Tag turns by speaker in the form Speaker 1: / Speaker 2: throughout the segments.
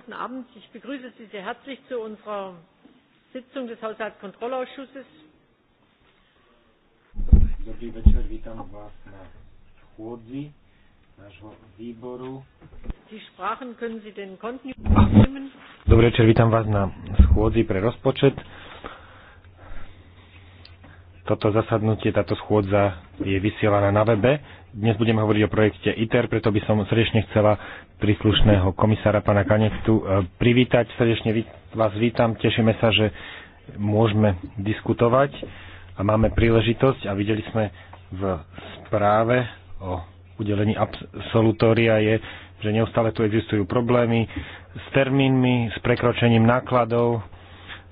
Speaker 1: guten Abend. Ich begrüße Sie sehr herzlich zu unserer Sitzung des Haushaltskontrollausschusses.
Speaker 2: Dobrý večer, vítam vás na schôdzi nášho výboru. Dobrý večer, vítam vás na schôdzi pre rozpočet. Toto zasadnutie, táto schôdza je vysielaná na webe. Dnes budeme hovoriť o projekte ITER, preto by som srdečne chcela príslušného komisára pana Kanectu e, privítať. Srdečne vás vítam, tešíme sa, že môžeme diskutovať a máme príležitosť a videli sme v správe o udelení absolutória je, že neustále tu existujú problémy s termínmi, s prekročením nákladov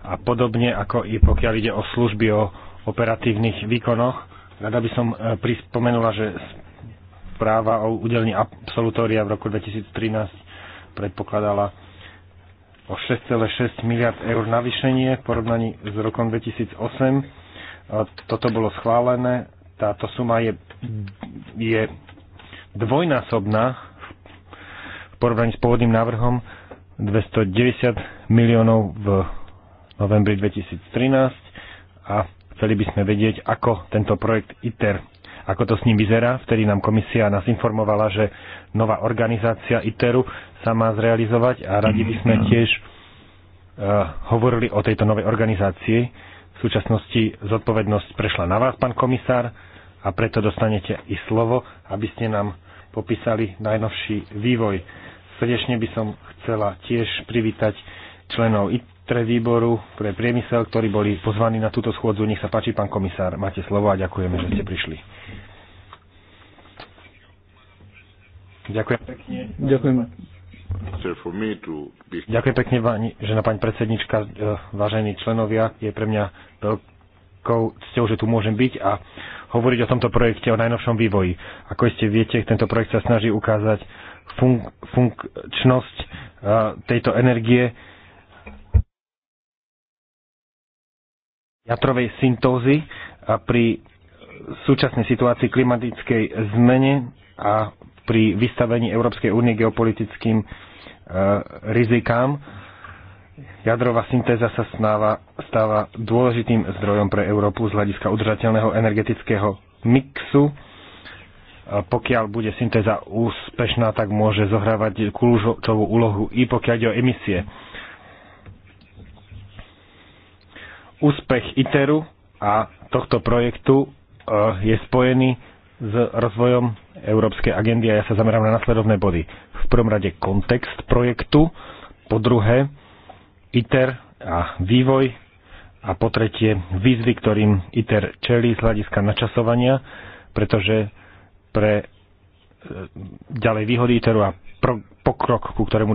Speaker 2: a podobne ako i pokiaľ ide o služby, o operatívnych výkonoch. Rada by som e, prispomenula, že správa o udelení absolutória v roku 2013 predpokladala o 6,6 miliard eur navýšenie v porovnaní s rokom 2008. Toto bolo schválené. Táto suma je, je dvojnásobná v porovnaní s pôvodným návrhom 290 miliónov v novembri 2013 a Chceli by sme vedieť, ako tento projekt ITER, ako to s ním vyzerá. Vtedy nám komisia nás informovala, že nová organizácia ITERu sa má zrealizovať a radi by sme mhm. tiež uh, hovorili o tejto novej organizácii. V súčasnosti zodpovednosť prešla na vás, pán komisár, a preto dostanete i slovo, aby ste nám popísali najnovší vývoj. Srdečne by som chcela tiež privítať členov IT pre výboru, pre priemysel, ktorí boli pozvaní na túto schôdzu. Nech sa páči, pán komisár, máte slovo a ďakujeme, že ste prišli. Ďakujem pekne. Ďakujem. Ďakujem pekne, žena pani predsednička, e, vážení členovia. Je pre mňa veľkou cťou, že tu môžem byť a hovoriť o tomto projekte, o najnovšom vývoji. Ako ste viete, tento projekt sa snaží ukázať funk- funkčnosť e, tejto energie, jatrovej syntózy a pri súčasnej situácii klimatickej zmene a pri vystavení Európskej únie geopolitickým e, rizikám. Jadrová syntéza sa snáva, stáva dôležitým zdrojom pre Európu z hľadiska udržateľného energetického mixu. Pokiaľ bude syntéza úspešná, tak môže zohrávať kľúčovú úlohu i pokiaľ ide o emisie Úspech ITERu a tohto projektu eh, je spojený s rozvojom Európskej agendy a ja sa zamerám na nasledovné body. V prvom rade kontext projektu, po druhé ITER a vývoj a po tretie výzvy, ktorým ITER čelí z hľadiska načasovania, pretože pre eh, ďalej výhody ITERu a pokrok, ku ktorému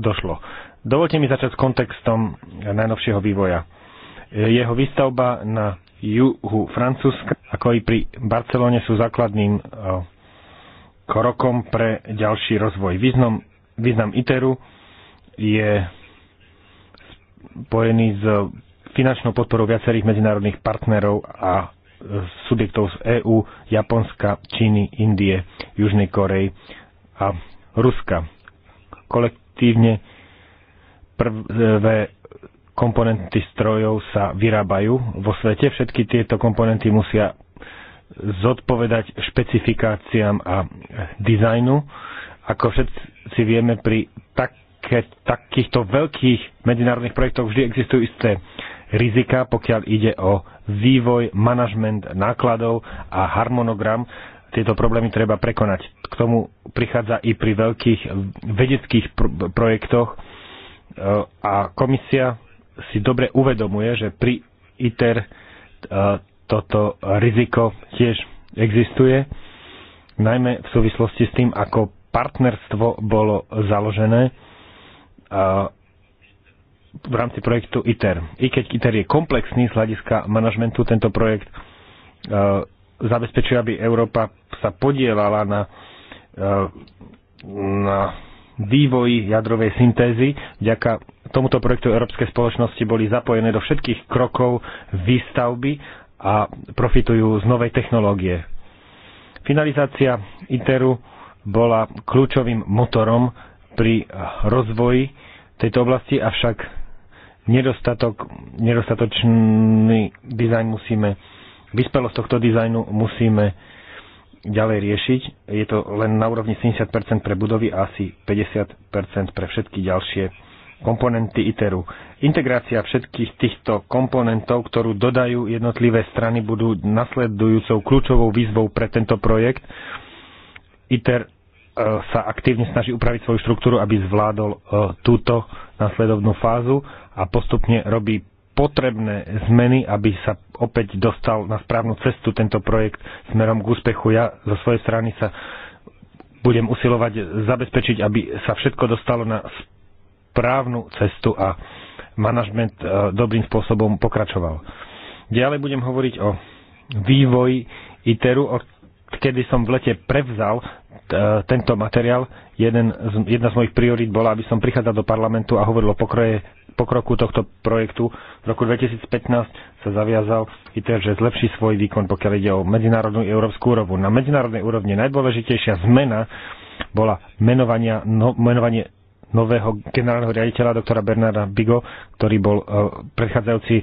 Speaker 2: došlo. Dovolte mi začať s kontextom najnovšieho vývoja. Jeho výstavba na juhu Francúzska, ako i pri Barcelone sú základným e, krokom pre ďalší rozvoj. Význam, význam ITERu je spojený s finančnou podporou viacerých medzinárodných partnerov a subjektov z EÚ, Japonska, Číny, Indie, Južnej Korei a Ruska. Kolektívne prvé komponenty strojov sa vyrábajú vo svete. Všetky tieto komponenty musia zodpovedať špecifikáciám a dizajnu. Ako všetci vieme, pri také, takýchto veľkých medzinárodných projektoch vždy existujú isté rizika, pokiaľ ide o vývoj, manažment nákladov a harmonogram. Tieto problémy treba prekonať. K tomu prichádza i pri veľkých vedeckých pr- projektoch, a komisia si dobre uvedomuje, že pri ITER e, toto riziko tiež existuje, najmä v súvislosti s tým, ako partnerstvo bolo založené e, v rámci projektu ITER. I keď ITER je komplexný z hľadiska manažmentu, tento projekt e, zabezpečuje, aby Európa sa podielala na, na vývoji jadrovej syntézy. Vďaka tomuto projektu Európskej spoločnosti boli zapojené do všetkých krokov výstavby a profitujú z novej technológie. Finalizácia ITERu bola kľúčovým motorom pri rozvoji tejto oblasti, avšak nedostatok, nedostatočný dizajn musíme, vyspelosť tohto dizajnu musíme ďalej riešiť. Je to len na úrovni 70 pre budovy a asi 50 pre všetky ďalšie komponenty ITERu. Integrácia všetkých týchto komponentov, ktorú dodajú jednotlivé strany, budú nasledujúcou kľúčovou výzvou pre tento projekt. ITER e, sa aktívne snaží upraviť svoju štruktúru, aby zvládol e, túto nasledovnú fázu a postupne robí potrebné zmeny, aby sa opäť dostal na správnu cestu tento projekt smerom k úspechu. Ja zo svojej strany sa budem usilovať zabezpečiť, aby sa všetko dostalo na správnu cestu a manažment e, dobrým spôsobom pokračoval. Ďalej budem hovoriť o vývoji ITERu, o kedy som v lete prevzal e, tento materiál, jeden z, jedna z mojich priorít bola, aby som prichádzal do parlamentu a hovoril o pokroje, pokroku tohto projektu. V roku 2015 sa zaviazal ITER, že zlepší svoj výkon, pokiaľ ide o medzinárodnú európsku úrovnu. Na medzinárodnej úrovni najdôležitejšia zmena bola menovania, no, menovanie nového generálneho riaditeľa, doktora Bernarda Bigo, ktorý bol uh, predchádzajúci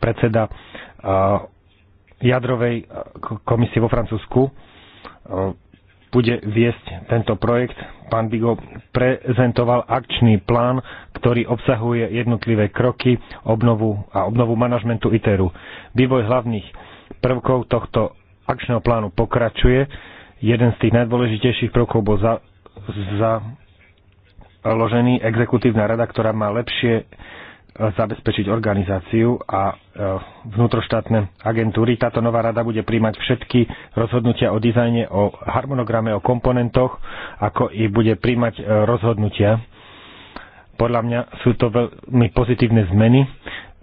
Speaker 2: predseda uh, jadrovej eh, komisie vo Francúzsku eh, bude viesť tento projekt. Pán Bigo prezentoval akčný plán, ktorý obsahuje jednotlivé kroky obnovu a obnovu manažmentu ITERu. Vývoj hlavných prvkov tohto akčného plánu pokračuje. Jeden z tých najdôležitejších prvkov bol za, založený exekutívna rada, ktorá má lepšie zabezpečiť organizáciu a e, vnútroštátne agentúry. Táto nová rada bude príjmať všetky rozhodnutia o dizajne, o harmonograme, o komponentoch, ako i bude príjmať e, rozhodnutia. Podľa mňa sú to veľmi pozitívne zmeny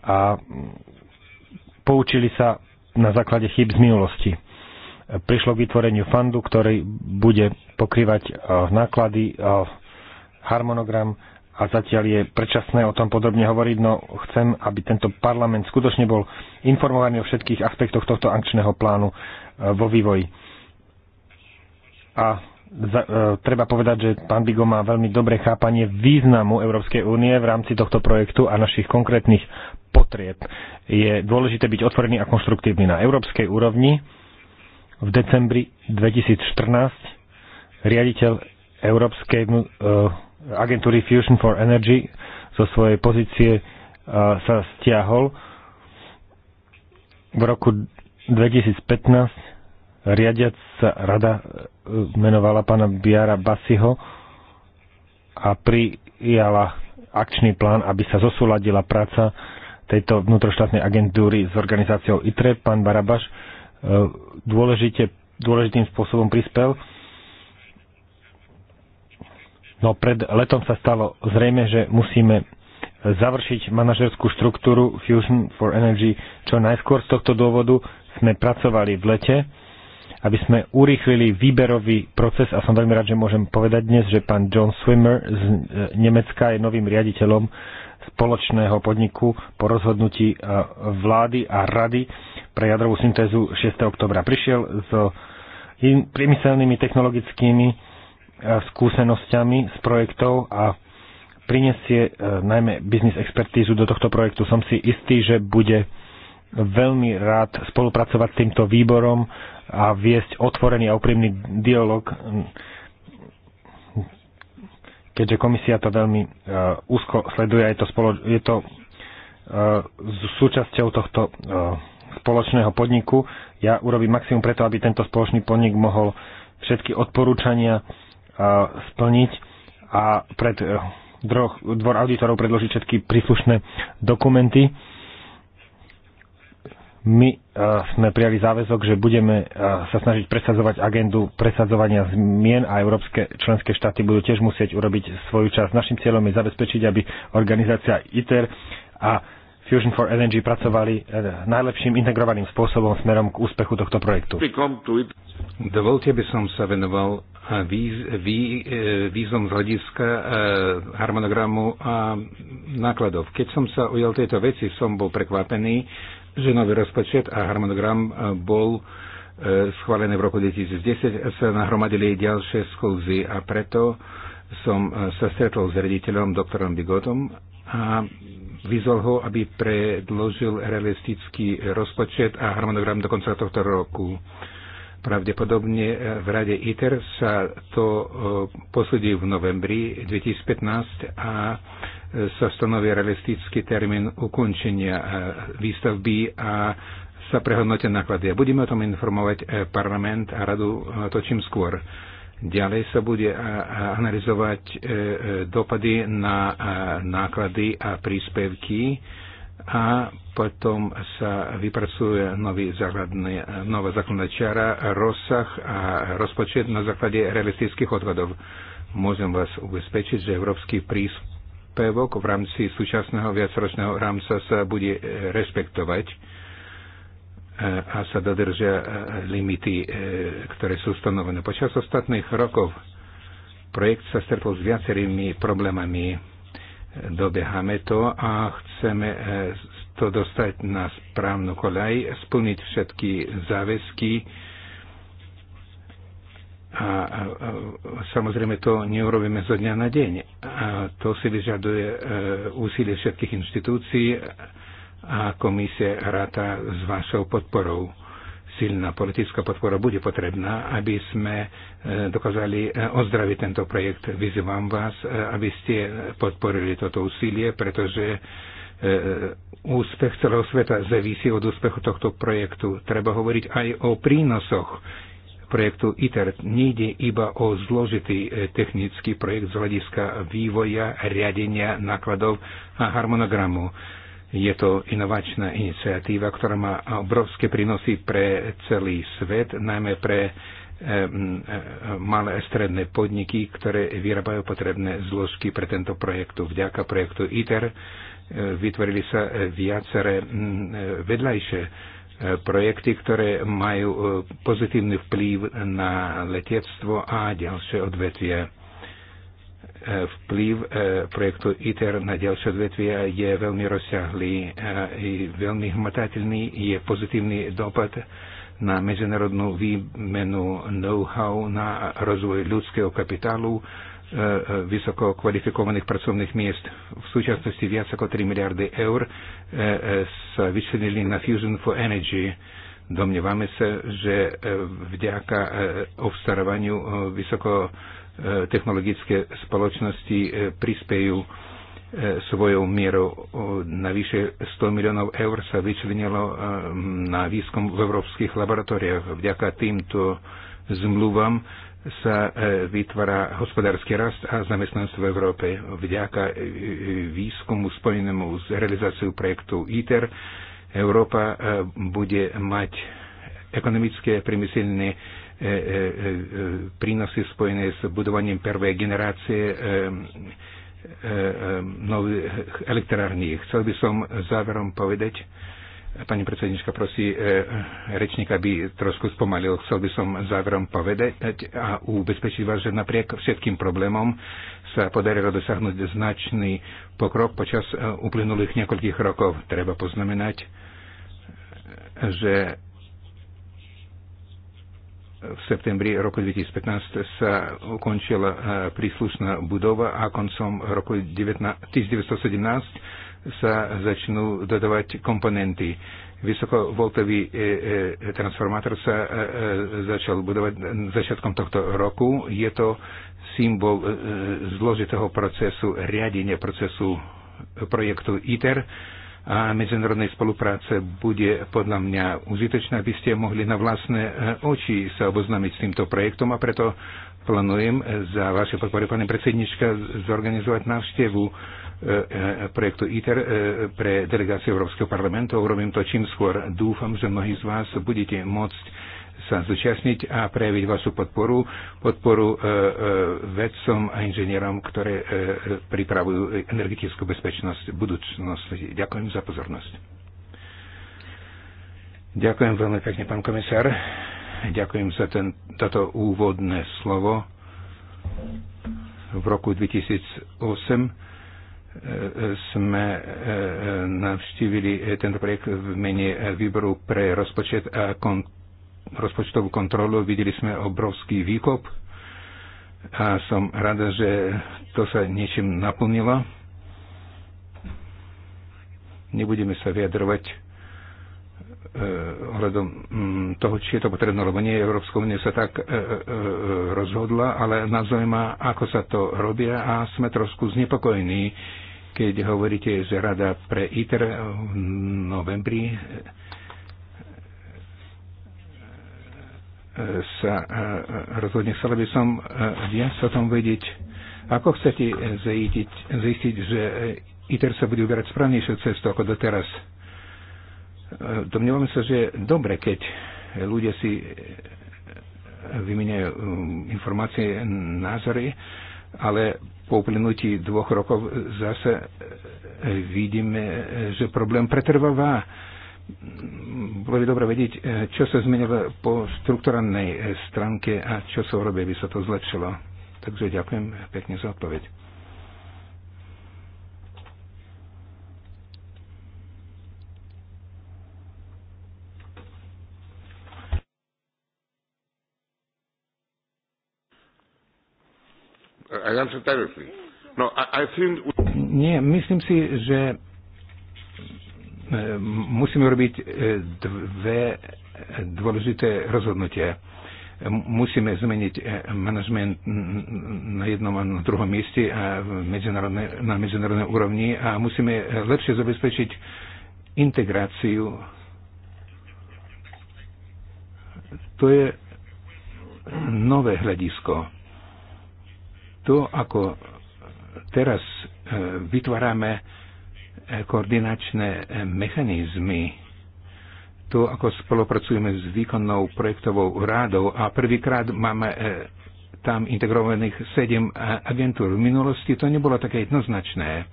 Speaker 2: a mm, poučili sa na základe chyb z minulosti. Prišlo k vytvoreniu fandu, ktorý bude pokrývať e, náklady, harmonogram, a zatiaľ je predčasné o tom podrobne hovoriť, no chcem, aby tento parlament skutočne bol informovaný o všetkých aspektoch tohto akčného plánu e, vo vývoji. A za, e, treba povedať, že pán Bigo má veľmi dobré chápanie významu Európskej únie v rámci tohto projektu a našich konkrétnych potrieb. Je dôležité byť otvorený a konštruktívny na európskej úrovni. V decembri 2014 riaditeľ Európskej e, agentúry Fusion for Energy zo svojej pozície sa stiahol. V roku 2015 riadiaca rada e, menovala pána Biara Basiho a prijala akčný plán, aby sa zosúladila práca tejto vnútroštátnej agentúry s organizáciou ITRE. Pán Barabaš e, dôležite, dôležitým spôsobom prispel No pred letom sa stalo zrejme, že musíme završiť manažerskú štruktúru Fusion for Energy čo najskôr. Z tohto dôvodu sme pracovali v lete, aby sme urýchlili výberový proces a som veľmi rád, že môžem povedať dnes, že pán John Swimmer z e, Nemecka je novým riaditeľom spoločného podniku po rozhodnutí e, vlády a rady pre jadrovú syntézu 6. oktobra. Prišiel s priemyselnými technologickými skúsenosťami z projektov a prinesie e, najmä biznis expertízu do tohto projektu. Som si istý, že bude veľmi rád spolupracovať s týmto výborom a viesť otvorený a úprimný dialog, keďže komisia to veľmi uh, úzko sleduje, je to, spolo, je to uh, súčasťou tohto uh, spoločného podniku. Ja urobím maximum preto, aby tento spoločný podnik mohol všetky odporúčania splniť a pred eh, droh, dvor auditorov predložiť všetky príslušné dokumenty. My uh, sme prijali záväzok, že budeme uh, sa snažiť presadzovať agendu presadzovania zmien a európske členské štáty budú tiež musieť urobiť svoju časť. Našim cieľom je zabezpečiť, aby organizácia ITER a Fusion for Energy pracovali eh, najlepším integrovaným spôsobom smerom k úspechu tohto projektu.
Speaker 3: Dovolte by som sa venoval eh, výz, vý, eh, výzvom z hľadiska harmonogramu a nákladov. Keď som sa ujal tejto veci, som bol prekvapený, že nový rozpočet a harmonogram bol schválený v roku 2010 sa nahromadili ďalšie sklzy a preto som sa stretol s rediteľom doktorom Bigotom a vyzval ho, aby predložil realistický rozpočet a harmonogram do konca tohto roku. Pravdepodobne v rade ITER sa to e, posledí v novembri 2015 a e, sa stanoví realistický termín ukončenia e, výstavby a sa prehodnotia náklady. Budeme o tom informovať parlament a radu to čím skôr. Ďalej sa bude analyzovať e, e, dopady na náklady a príspevky a potom sa vypracuje nový základný, nová základná čara, rozsah a rozpočet na základe realistických odvodov. Môžem vás ubezpečiť, že európsky príspevok v rámci súčasného viacročného rámca sa bude e, rešpektovať a sa dodržia e, limity, e, ktoré sú stanovené. Počas ostatných rokov projekt sa stretol s viacerými problémami. E, Dobehame to a chceme to dostať na správnu koľaj, splniť všetky záväzky a samozrejme to neurobíme zo dňa na deň. A to si vyžaduje úsilie všetkých inštitúcií a komisie ráta s vašou podporou. Silná politická podpora bude potrebná, aby sme e, dokázali e, ozdraviť tento projekt. Vyzývam vás, e, aby ste podporili toto úsilie, pretože úspech celého sveta závisí od úspechu tohto projektu. Treba hovoriť aj o prínosoch projektu ITER. Nejde iba o zložitý technický projekt z hľadiska vývoja, riadenia, nákladov a harmonogramu. Je to inovačná iniciatíva, ktorá má obrovské prínosy pre celý svet, najmä pre eh, eh, malé a stredné podniky, ktoré vyrábajú potrebné zložky pre tento projektu. Vďaka projektu ITER eh, vytvorili sa viaceré vedľajšie projekty, ktoré majú pozitívny vplyv na letectvo a ďalšie odvetvie Vplyv e, projektu ITER na ďalšie odvetvia je veľmi rozsiahlý e, i veľmi hmatateľný. Je pozitívny dopad na medzinárodnú výmenu know-how, na rozvoj ľudského kapitálu, e, vysoko kvalifikovaných pracovných miest. V súčasnosti viac ako 3 miliardy eur sa vyčlenili na Fusion for Energy. Domnievame sa, že vďaka obstarávaniu vysoko E, technologické spoločnosti e, prispejú e, svojou mierou. Navyše 100 miliónov eur sa vyčlenilo na výskum v európskych laboratóriách. Vďaka týmto zmluvám sa vytvára hospodársky rast a zamestnanstvo v Európe. Vďaka výskumu spojenému s realizáciou projektu ITER Európa bude mať ekonomické priemyselné E, e, e, prínosy spojené s budovaním prvej generácie nových elektrární. Chcel by som záverom povedať, pani predsednička prosí rečníka, aby trošku spomalil. Chcel by som záverom povedať a ubezpečiť vás, že napriek všetkým problémom sa podarilo dosiahnuť značný pokrok počas uplynulých niekoľkých rokov. Treba poznamenať, že v septembri roku 2015 sa ukončila eh, príslušná budova a koncom roku 19, 1917 sa začnú dodávať komponenty. Vysokovoltový eh, eh, transformátor sa začal budovať začiatkom tohto roku. Je to symbol zložitého procesu riadenia procesu projektu ITER a medzinárodnej spolupráce bude podľa mňa užitočná, aby ste mohli na vlastné eh, oči sa oboznámiť s týmto projektom a preto plánujem za vaše podpory, pani predsednička, zorganizovať návštevu eh, eh, projektu ITER pre delegáciu Európskeho parlamentu. Urobím to čím skôr. Dúfam, že mnohí z vás budete môcť sa zúčastniť a prejaviť vašu podporu, podporu e, e, vedcom a inžinierom, ktoré e, pripravujú energetickú bezpečnosť v budúcnosti. Ďakujem za pozornosť. Ďakujem veľmi pekne, pán komisár. Ďakujem za ten, toto úvodné slovo. V roku 2008 sme navštívili tento projekt v mene výboru pre rozpočet a kontrolu rozpočtovú kontrolu, videli sme obrovský výkop a som rada, že to sa niečím naplnilo. Nebudeme sa vyjadrovať e, ohľadom mm, toho, či je to potrebné, lebo nie Európska únia sa tak e, e, rozhodla, ale nás zaujíma, ako sa to robia a sme trošku znepokojení, keď hovoríte, že rada pre ITER v novembri sa e, e, rozhodne. Chcela by som e, viac sa tom vedieť, ako chcete zaistiť, zaistiť že ITER sa bude uberať správnejšou cestu ako doteraz. Domnievame sa, že je dobre, keď ľudia si vymieňajú um, informácie, názory, ale po uplynutí dvoch rokov zase vidíme, že problém pretrváva bolo by dobre vedieť, eh, čo sa zmenilo po štruktúranej eh, stránke a čo sa urobí, aby sa to zlepšilo. Takže ďakujem eh, pekne za odpoveď. No, I, I think... Nie, myslím si, že E, musíme robiť e, dve dôležité rozhodnutia. E, musíme zmeniť manažment na jednom a na druhom mieste a medzinárodne, na medzinárodnej úrovni a musíme lepšie zabezpečiť integráciu. To je nové hľadisko. To, ako teraz vytvárame koordinačné mechanizmy. Tu, ako spolupracujeme s výkonnou projektovou rádou a prvýkrát máme e, tam integrovaných sedem e, agentúr. V minulosti to nebolo také jednoznačné.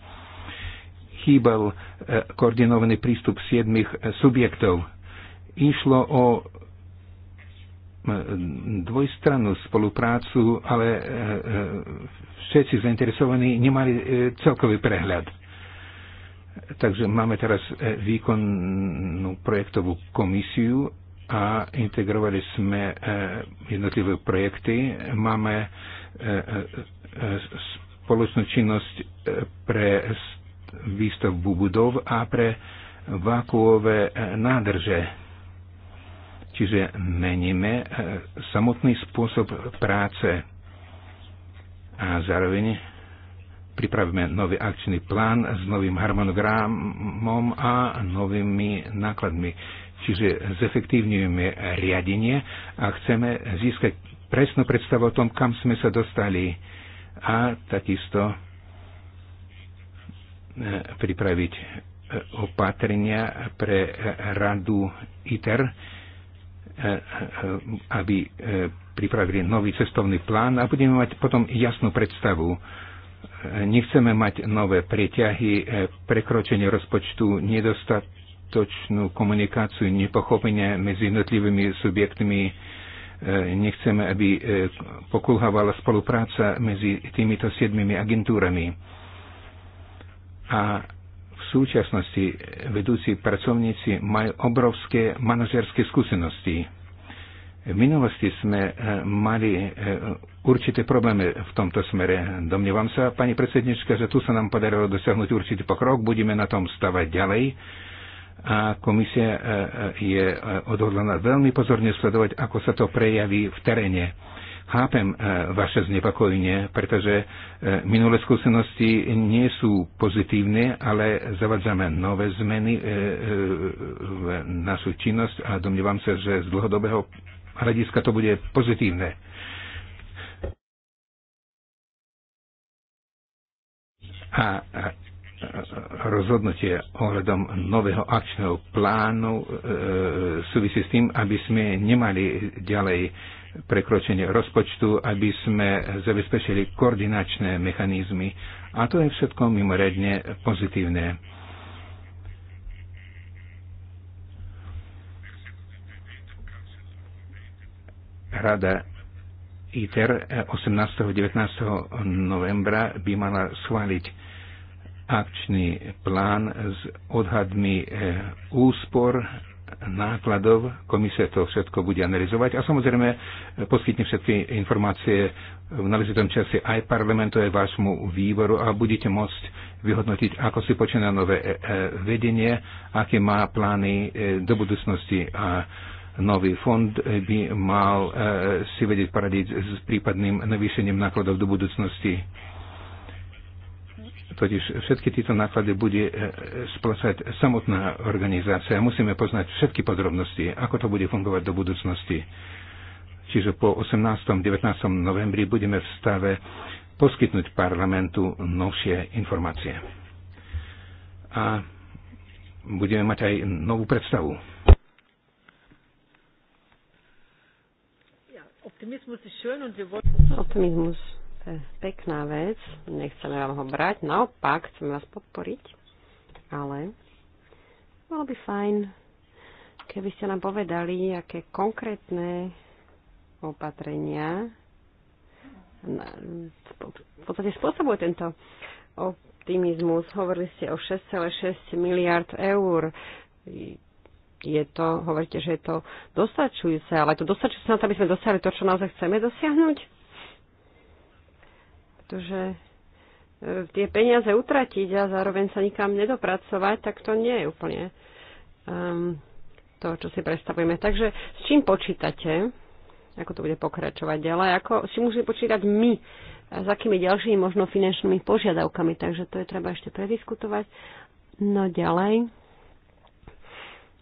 Speaker 3: Chýbal e, koordinovaný prístup siedmých subjektov. Išlo o dvojstrannú spoluprácu, ale všetci zainteresovaní nemali celkový prehľad. Takže máme teraz e, výkonnú projektovú komisiu a integrovali sme e, jednotlivé projekty. Máme e, spoločnú činnosť pre výstavbu budov a pre vákuové nádrže. Čiže meníme samotný spôsob práce a zároveň pripravíme nový akčný plán s novým harmonogramom a novými nákladmi. Čiže zefektívňujeme riadenie a chceme získať presnú predstavu o tom, kam sme sa dostali a takisto e, pripraviť e, opatrenia pre radu ITER, e, aby pripravili nový cestovný plán a budeme mať potom jasnú predstavu Nechceme mať nové preťahy, e, prekročenie rozpočtu, nedostatočnú komunikáciu, nepochopenie medzi jednotlivými subjektmi. E, nechceme, aby e, pokulhávala spolupráca medzi týmito siedmimi agentúrami. A v súčasnosti vedúci pracovníci majú obrovské manažerské skúsenosti v minulosti sme e, mali e, určité problémy v tomto smere. Domnievam sa, pani predsednička, že tu sa nám podarilo dosiahnuť určitý pokrok, budeme na tom stavať ďalej a komisia e, je odhodlaná veľmi pozorne sledovať, ako sa to prejaví v teréne. Chápem vaše znepokojenie, pretože minulé skúsenosti nie sú pozitívne, ale zavadzame nové zmeny v našu činnosť a domnievam sa, že z dlhodobého hľadiska to bude pozitívne. A rozhodnutie ohľadom nového akčného plánu e, e, súvisí s tým, aby sme nemali ďalej prekročenie rozpočtu, aby sme zabezpečili koordinačné mechanizmy. A to je všetko mimoriadne pozitívne. Rada ITER 18. Eh, 19. novembra by mala schváliť akčný plán s odhadmi eh, úspor nákladov. Komisia to všetko bude analyzovať a samozrejme eh, poskytne všetky informácie v náležitom čase aj parlamentu, aj vášmu výboru a budete môcť vyhodnotiť, ako si počína nové vedenie, aké má plány do budúcnosti a Nový fond eh, by mal eh, si vedieť poradiť s prípadným navýšením nákladov do budúcnosti. Totiž všetky tieto náklady bude eh, splácať samotná organizácia. Musíme poznať všetky podrobnosti, ako to bude fungovať do budúcnosti. Čiže po 18. 19. novembri budeme v stave poskytnúť parlamentu novšie informácie. A budeme mať aj novú predstavu.
Speaker 1: Optimizmus je pekná vec, nechceme vám ho brať, naopak chceme vás podporiť, ale bolo by fajn, keby ste nám povedali, aké konkrétne opatrenia v podstate spôsobuje tento optimizmus. Hovorili ste o 6,6 miliard eur je to, hovoríte, že je to dostačujúce, ale to dostačujúce na to, aby sme dosiahli to, čo naozaj chceme dosiahnuť? Pretože e, tie peniaze utratiť a zároveň sa nikam nedopracovať, tak to nie je úplne um, to, čo si predstavujeme. Takže s čím počítate? Ako to bude pokračovať ďalej? Ako, si musíme počítať my? A s akými ďalšími možno finančnými požiadavkami? Takže to je treba ešte prediskutovať. No ďalej.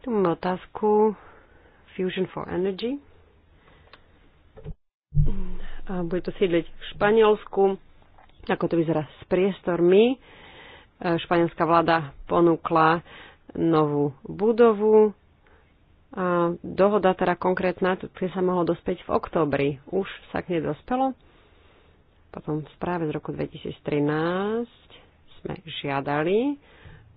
Speaker 1: Tu máme otázku Fusion for Energy. A bude to sídliť v Španielsku. Ako to vyzerá s priestormi? E, španielská vláda ponúkla novú budovu. A dohoda teda konkrétna, ktoré sa mohlo dospäť v oktobri, už sa k nej dospelo. Potom v správe z roku 2013 sme žiadali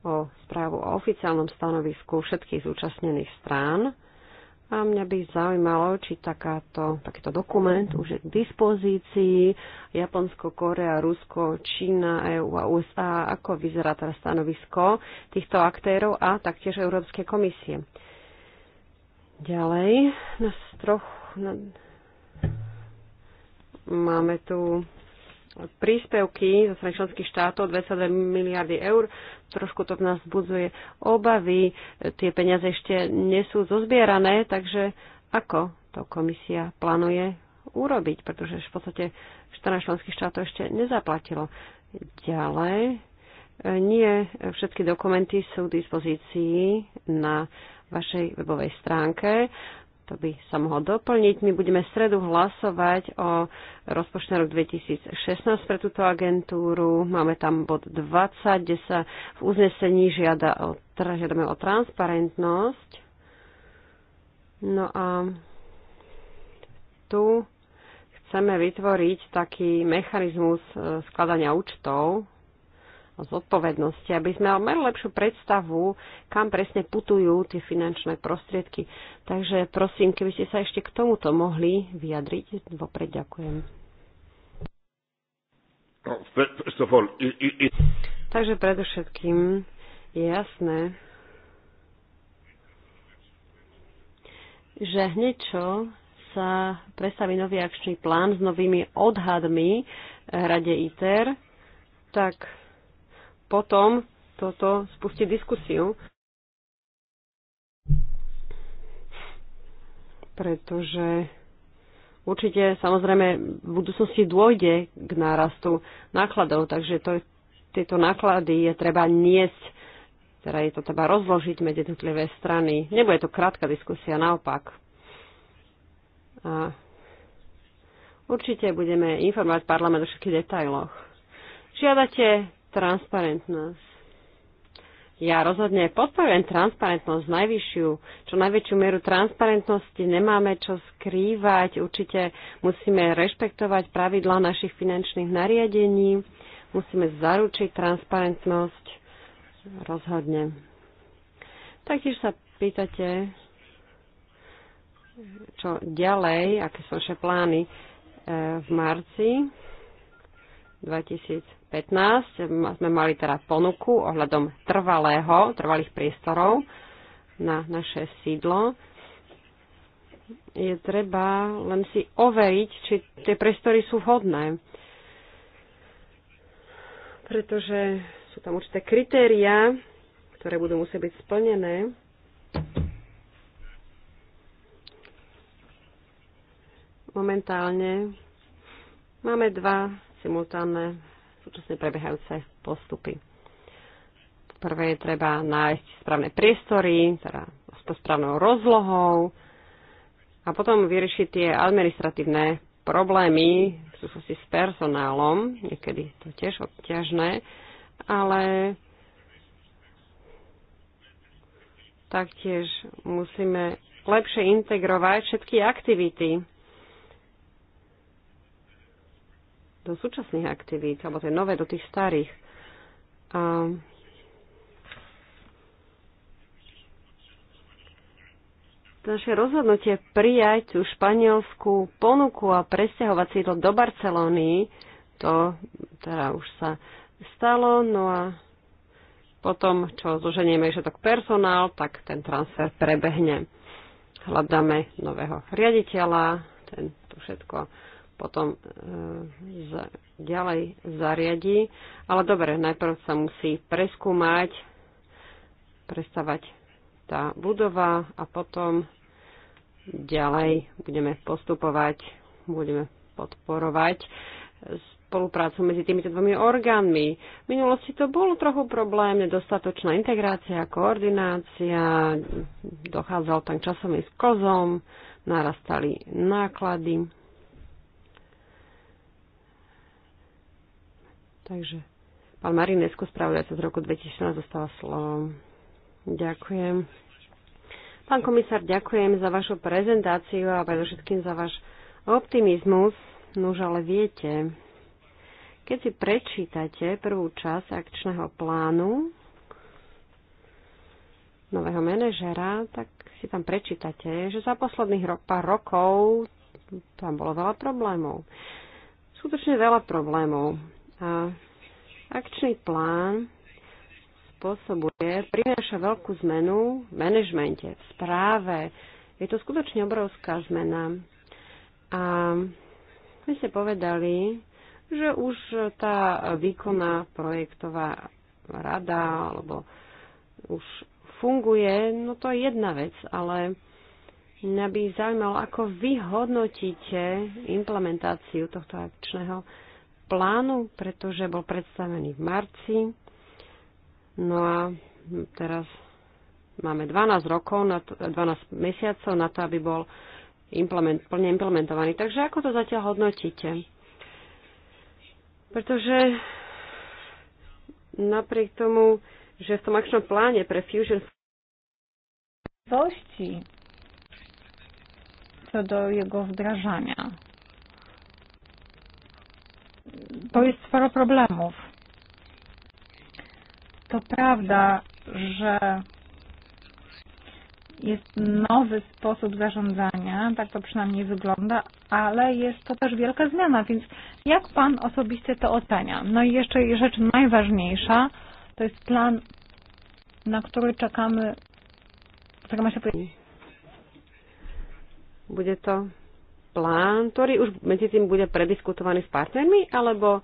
Speaker 1: o správu o oficiálnom stanovisku všetkých zúčastnených strán. A mňa by zaujímalo, či takáto, takýto dokument už je k dispozícii. Japonsko, Korea, Rusko, Čína, EU a USA. Ako vyzerá teraz stanovisko týchto aktérov a taktiež Európskej komisie. Ďalej, nás troch, na, máme tu príspevky zo strany členských štátov 2,2 miliardy eur. Trošku to v nás budzuje obavy. Tie peniaze ešte nie sú zozbierané, takže ako to komisia plánuje urobiť, pretože v podstate 14 členských štátov ešte nezaplatilo. Ďalej, e, nie všetky dokumenty sú k dispozícii na vašej webovej stránke to by sa mohol doplniť. My budeme v stredu hlasovať o rozpočtu rok 2016 pre túto agentúru. Máme tam bod 20, kde sa v uznesení žiada o, žiadame o transparentnosť. No a tu chceme vytvoriť taký mechanizmus eh, skladania účtov zodpovednosti, aby sme mali lepšiu predstavu, kam presne putujú tie finančné prostriedky. Takže prosím, keby ste sa ešte k tomuto mohli vyjadriť, vopred ďakujem.
Speaker 2: No, all, i, i, i...
Speaker 1: Takže predovšetkým je jasné, že hneď čo sa predstaví nový akčný plán s novými odhadmi Rade ITER, tak potom toto spustiť diskusiu, pretože určite samozrejme v budúcnosti dôjde k nárastu nákladov, takže to, tieto náklady je treba niesť, teda je to treba rozložiť medzi jednotlivé strany. Nebude to krátka diskusia, naopak. A určite budeme informovať parlament o všetkých detailoch. Žiadate transparentnosť. Ja rozhodne podporujem transparentnosť, najvyššiu, čo najväčšiu mieru transparentnosti. Nemáme čo skrývať, určite musíme rešpektovať pravidlá našich finančných nariadení, musíme zaručiť transparentnosť, rozhodne. Taktiež sa pýtate, čo ďalej, aké sú naše plány eh, v marci 2000. 2015 sme mali teda ponuku ohľadom trvalého, trvalých priestorov na naše sídlo. Je treba len si overiť, či tie priestory sú vhodné. Pretože sú tam určité kritéria, ktoré budú musieť byť splnené. Momentálne máme dva simultánne súčasne prebiehajúce postupy. Prvé je treba nájsť správne priestory, teda s to správnou rozlohou a potom vyriešiť tie administratívne problémy v súvislosti s personálom, niekedy to tiež obťažné, ale taktiež musíme lepšie integrovať všetky aktivity do súčasných aktivít, alebo tie nové do tých starých. A naše rozhodnutie prijať tú španielskú ponuku a presťahovať si to do Barcelóny, to teda už sa stalo, no a potom, čo zoženieme všetok personál, tak ten transfer prebehne. Hľadáme nového riaditeľa, ten to všetko potom e, za, ďalej zariadi. Ale dobre, najprv sa musí preskúmať, prestavať tá budova a potom ďalej budeme postupovať, budeme podporovať spoluprácu medzi týmito dvomi orgánmi. V minulosti to bol trochu problém, nedostatočná integrácia, koordinácia, dochádzal tam časovým skozom, narastali náklady. Takže pán Marinesko, spravodajca z roku 2016, zostala slovo. Ďakujem. Pán komisár, ďakujem za vašu prezentáciu a predovšetkým za váš optimizmus. Nuž ale viete, keď si prečítate prvú časť akčného plánu nového manažera, tak si tam prečítate, že za posledných rok, pár rokov tam bolo veľa problémov. Skutočne veľa problémov. Akčný plán spôsobuje, prináša veľkú zmenu v manažmente, v správe. Je to skutočne obrovská zmena. A my ste povedali, že už tá výkonná projektová rada alebo už funguje, no to je jedna vec, ale mňa by zaujímalo, ako vy hodnotíte implementáciu tohto akčného plánu, pretože bol predstavený v marci. No a teraz máme 12 rokov, na to, 12 mesiacov na to, aby bol implement, plne implementovaný. Takže ako to zatiaľ hodnotíte? Pretože napriek tomu, že v tom akčnom pláne pre Fusion złości co do jego wdrażania to jest sporo problemów. To prawda, że jest nowy sposób zarządzania, tak to przynajmniej wygląda, ale jest to też wielka zmiana, więc jak Pan osobiście to ocenia? No i jeszcze rzecz najważniejsza, to jest plan, na który czekamy, czekamy się Będzie to plán, ktorý už medzi tým bude prediskutovaný s partnermi, alebo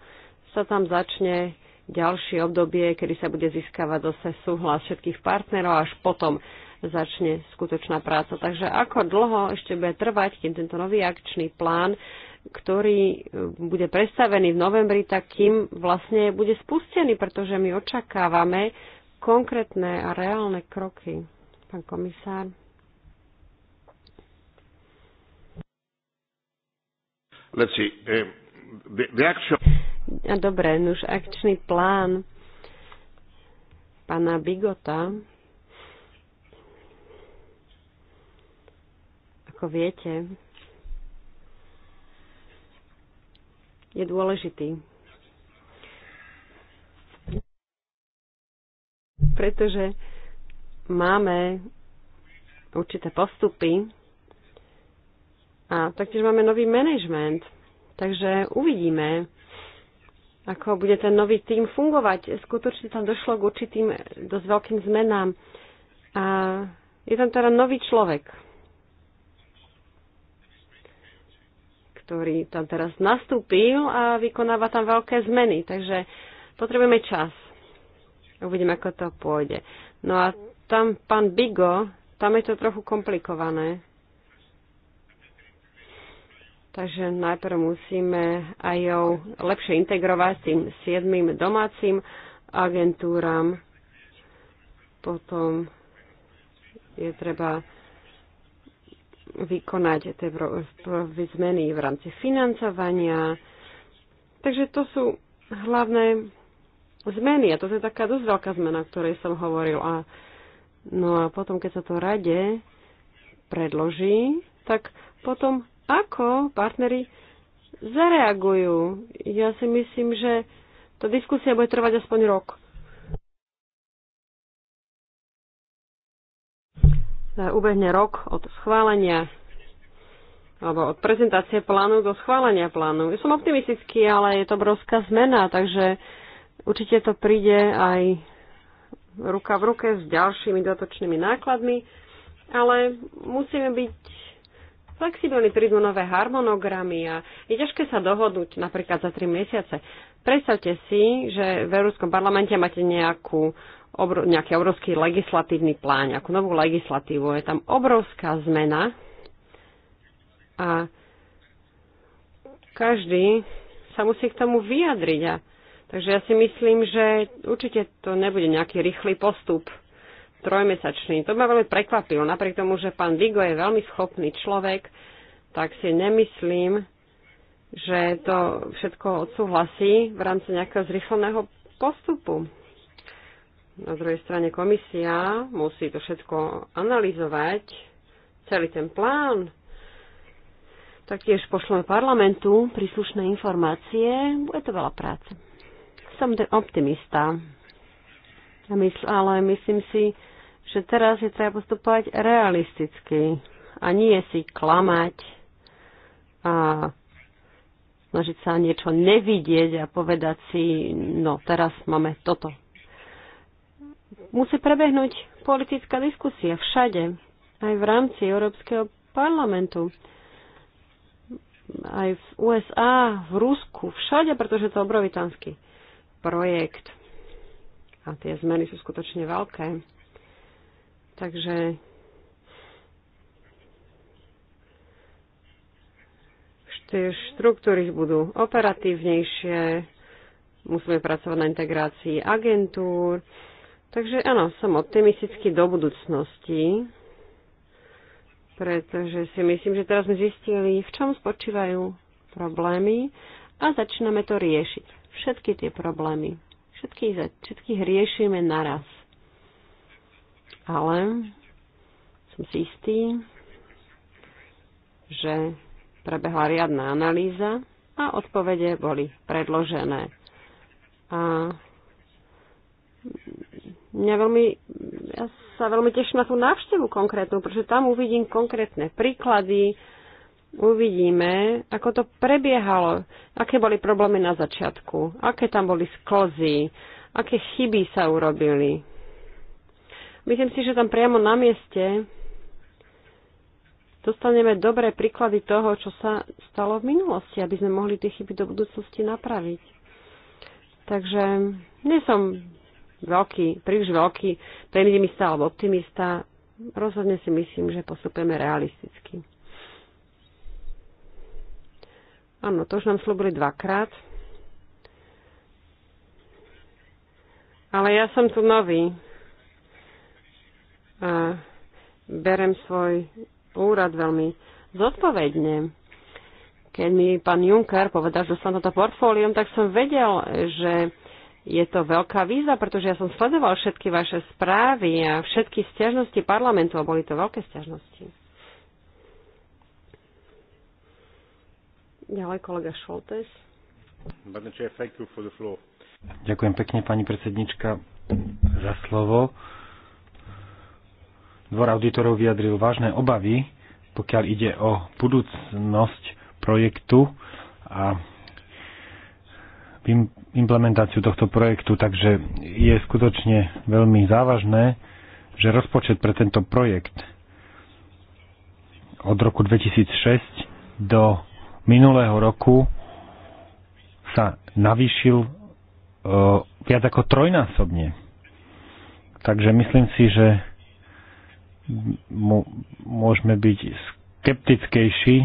Speaker 1: sa tam začne ďalšie obdobie, kedy sa bude získavať zase súhlas všetkých partnerov až potom začne skutočná práca. Takže ako dlho ešte bude trvať, kým tento nový akčný plán, ktorý e, bude predstavený v novembri, tak kým vlastne bude spustený, pretože my očakávame konkrétne a reálne kroky. Pán komisár.
Speaker 3: let's see, eh, the, the
Speaker 1: Dobre, nuž akčný plán pána Bigota, ako viete, je dôležitý. Pretože máme určité postupy, a taktiež máme nový management, takže uvidíme, ako bude ten nový tým fungovať. Skutočne tam došlo k určitým dosť veľkým zmenám. A je tam teda nový človek, ktorý tam teraz nastúpil a vykonáva tam veľké zmeny. Takže potrebujeme čas. Uvidíme, ako to pôjde. No a tam pán Bigo, tam je to trochu komplikované. Takže najprv musíme aj ju lepšie integrovať s tým siedmým domácim agentúram. Potom je treba vykonať tie zmeny v rámci financovania. Takže to sú hlavné zmeny a to je taká dosť veľká zmena, o ktorej som hovoril. A, no a potom, keď sa to rade predloží, tak potom ako partnery zareagujú. Ja si myslím, že tá diskusia bude trvať aspoň rok. Ubehne rok od schválenia alebo od prezentácie plánu do schválenia plánu. Ja som optimistický, ale je to obrovská zmena, takže určite to príde aj ruka v ruke s ďalšími dotočnými nákladmi, ale musíme byť flexibilní, prídu nové harmonogramy a je ťažké sa dohodnúť napríklad za tri mesiace. Predstavte si, že v Európskom parlamente máte nejakú, obro, nejaký obrovský legislatívny plán, nejakú novú legislatívu. Je tam obrovská zmena a každý sa musí k tomu vyjadriť. A, takže ja si myslím, že určite to nebude nejaký rýchly postup trojmesačný. To ma veľmi prekvapilo, napriek tomu, že pán Vigo je veľmi schopný človek, tak si nemyslím, že to všetko odsúhlasí v rámci nejakého zrychleného postupu. Na druhej strane komisia musí to všetko analyzovať, celý ten plán. Taktiež pošleme parlamentu príslušné informácie. Bude to veľa práce. Som ten optimista ale myslím si, že teraz je treba postupovať realisticky a nie si klamať a snažiť sa niečo nevidieť a povedať si, no teraz máme toto. Musí prebehnúť politická diskusia všade, aj v rámci Európskeho parlamentu, aj v USA, v Rusku, všade, pretože to je obrovitánsky projekt. A tie zmeny sú skutočne veľké. Takže tie štruktúry budú operatívnejšie, musíme pracovať na integrácii agentúr. Takže áno, som optimistický do budúcnosti, pretože si myslím, že teraz sme zistili, v čom spočívajú problémy a začíname to riešiť. Všetky tie problémy. Všetky všetkých riešime naraz ale som si istý, že prebehla riadna analýza a odpovede boli predložené. A mňa veľmi, ja sa veľmi teším na tú návštevu konkrétnu, pretože tam uvidím konkrétne príklady, uvidíme, ako to prebiehalo, aké boli problémy na začiatku, aké tam boli sklzy, aké chyby sa urobili. Myslím si, že tam priamo na mieste dostaneme dobré príklady toho, čo sa stalo v minulosti, aby sme mohli tie chyby do budúcnosti napraviť. Takže nie som veľký, príliš veľký pesimista alebo optimista. Rozhodne si myslím, že postupujeme realisticky. Áno, to už nám slúbili dvakrát. Ale ja som tu nový berem svoj úrad veľmi zodpovedne. Keď mi pán Juncker povedal, že som toto portfólium, tak som vedel, že je to veľká víza, pretože ja som sledoval všetky vaše správy a všetky stiažnosti parlamentu a boli to veľké stiažnosti. Ďalej kolega Šoltes.
Speaker 2: Ďakujem pekne, pani predsednička, za slovo. Dvor auditorov vyjadril vážne obavy, pokiaľ ide o budúcnosť projektu a implementáciu tohto projektu, takže je skutočne veľmi závažné, že rozpočet pre tento projekt od roku 2006 do minulého roku sa navýšil e, viac ako trojnásobne. Takže myslím si, že môžeme byť skeptickejší,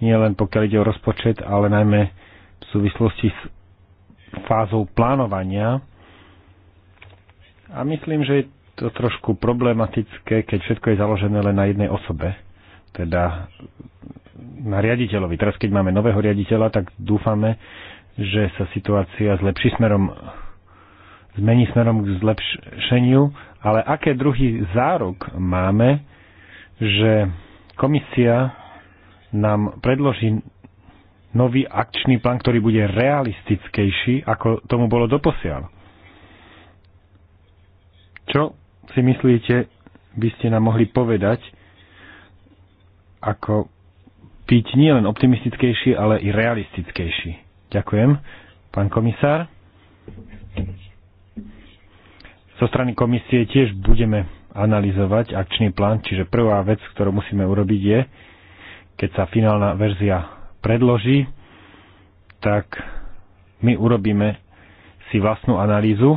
Speaker 2: nielen pokiaľ ide o rozpočet, ale najmä v súvislosti s fázou plánovania. A myslím, že je to trošku problematické, keď všetko je založené len na jednej osobe, teda na riaditeľovi. Teraz, keď máme nového riaditeľa, tak dúfame, že sa situácia zlepší smerom zmení smerom k zlepšeniu, ale aké druhý zárok máme, že komisia nám predloží nový akčný plán, ktorý bude realistickejší, ako tomu bolo doposiaľ. Čo si myslíte, by ste nám mohli povedať, ako byť nielen optimistickejší, ale i realistickejší? Ďakujem. Pán komisár? Zo strany komisie tiež budeme analyzovať akčný plán, čiže prvá vec, ktorú musíme urobiť je, keď sa finálna verzia predloží, tak my urobíme si vlastnú analýzu.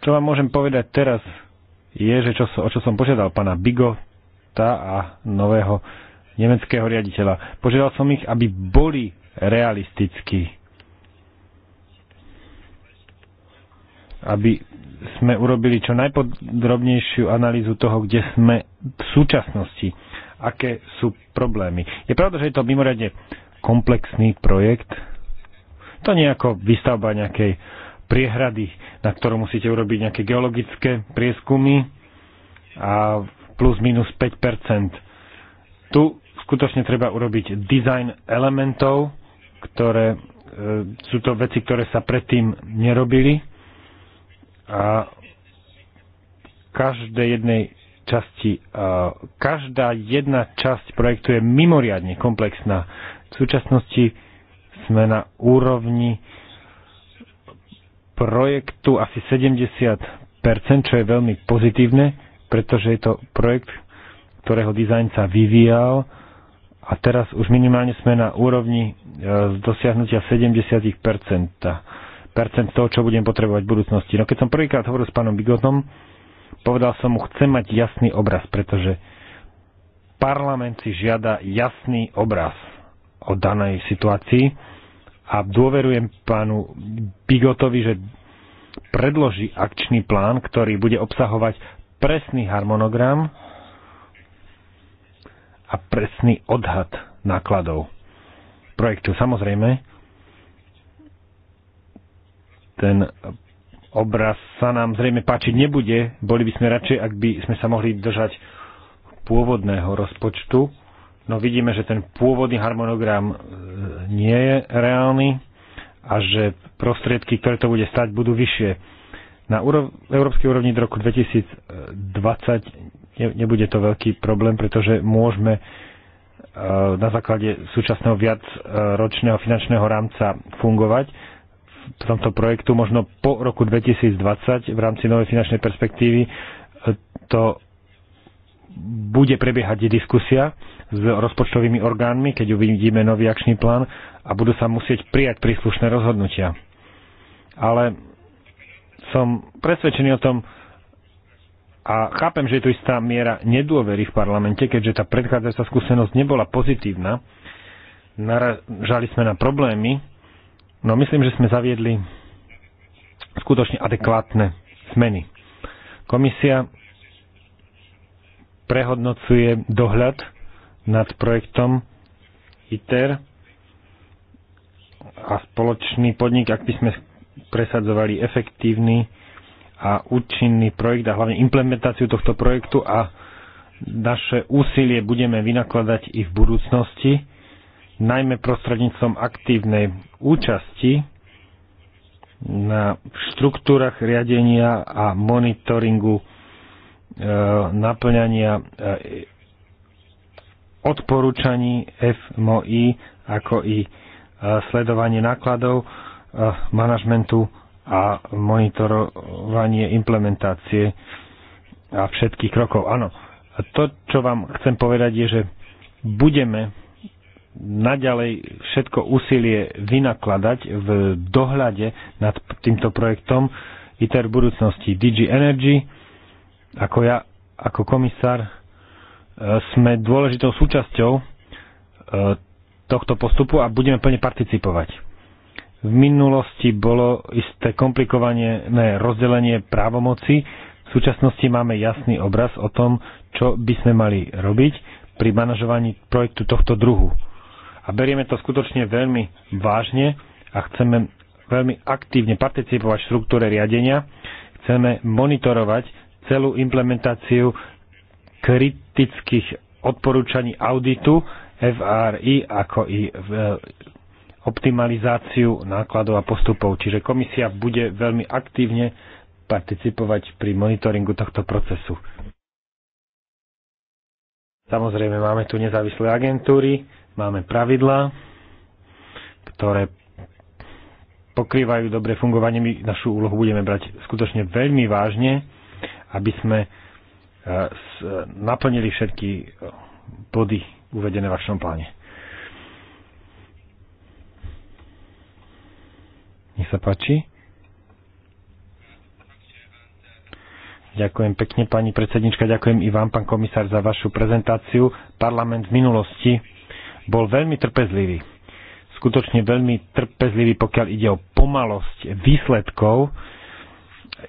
Speaker 2: Čo vám môžem povedať teraz je, že čo, o čo som požiadal pána Bigota a nového nemeckého riaditeľa. Požiadal som ich, aby boli realistickí aby sme urobili čo najpodrobnejšiu analýzu toho, kde sme v súčasnosti, aké sú problémy. Je pravda, že je to mimoriadne komplexný projekt. To nie je ako výstavba nejakej priehrady, na ktorú musíte urobiť nejaké geologické prieskumy a plus minus 5%. Tu skutočne treba urobiť design elementov, ktoré e, sú to veci, ktoré sa predtým nerobili a každej jednej časti, a každá jedna časť projektu je mimoriadne komplexná. V súčasnosti sme na úrovni projektu asi 70%, čo je veľmi pozitívne, pretože je to projekt, ktorého dizajn sa vyvíjal a teraz už minimálne sme na úrovni e, dosiahnutia 70% toho, čo budem potrebovať v budúcnosti. No keď som prvýkrát hovoril s pánom Bigotom, povedal som mu, chcem mať jasný obraz, pretože parlament si žiada jasný obraz o danej situácii a dôverujem pánu Bigotovi, že predloží akčný plán, ktorý bude obsahovať presný harmonogram a presný odhad nákladov projektu. Samozrejme, ten obraz sa nám zrejme páčiť nebude. Boli by sme radšej, ak by sme sa mohli držať pôvodného rozpočtu. No vidíme, že ten pôvodný harmonogram e, nie je reálny a že prostriedky, ktoré to bude stať, budú vyššie. Na úrov, európskej úrovni do roku 2020 ne, nebude to veľký problém, pretože môžeme e, na základe súčasného viacročného finančného rámca fungovať tomto projektu možno po roku 2020 v rámci novej finančnej perspektívy e, to bude prebiehať diskusia s rozpočtovými orgánmi, keď uvidíme nový akčný plán a budú sa musieť prijať príslušné rozhodnutia. Ale som presvedčený o tom a chápem, že je tu istá miera nedôvery v parlamente, keďže tá predchádzajúca skúsenosť nebola pozitívna. Naražali sme na problémy, No myslím, že sme zaviedli skutočne adekvátne zmeny. Komisia prehodnocuje dohľad nad projektom ITER a spoločný podnik, ak by sme presadzovali efektívny a účinný projekt a hlavne implementáciu tohto projektu a naše úsilie budeme vynakladať i v budúcnosti, najmä prostredníctvom aktívnej účasti na štruktúrach riadenia a monitoringu e, naplňania e, odporúčaní FMOI ako i e, sledovanie nákladov, e, manažmentu a monitorovanie implementácie a všetkých krokov. Áno, to, čo vám chcem povedať, je, že budeme naďalej všetko úsilie vynakladať v dohľade nad týmto projektom ITER budúcnosti. DG Energy, ako ja, ako komisár, e, sme dôležitou súčasťou e, tohto postupu a budeme plne participovať. V minulosti bolo isté komplikovanie rozdelenie právomoci. V súčasnosti máme jasný obraz o tom, čo by sme mali robiť pri manažovaní projektu tohto druhu a berieme to skutočne veľmi vážne a chceme veľmi aktívne participovať v štruktúre riadenia. Chceme monitorovať celú implementáciu kritických odporúčaní auditu FRI ako i v e, optimalizáciu nákladov a postupov. Čiže komisia bude veľmi aktívne participovať pri monitoringu tohto procesu. Samozrejme, máme tu nezávislé agentúry, Máme pravidlá, ktoré pokrývajú dobre fungovanie. My našu úlohu budeme brať skutočne veľmi vážne, aby sme e, e, naplnili všetky body uvedené v vašom pláne. Nech sa páči. Ďakujem pekne, pani predsednička, ďakujem i vám, pán komisár, za vašu prezentáciu. Parlament v minulosti bol veľmi trpezlivý. Skutočne veľmi trpezlivý, pokiaľ ide o pomalosť výsledkov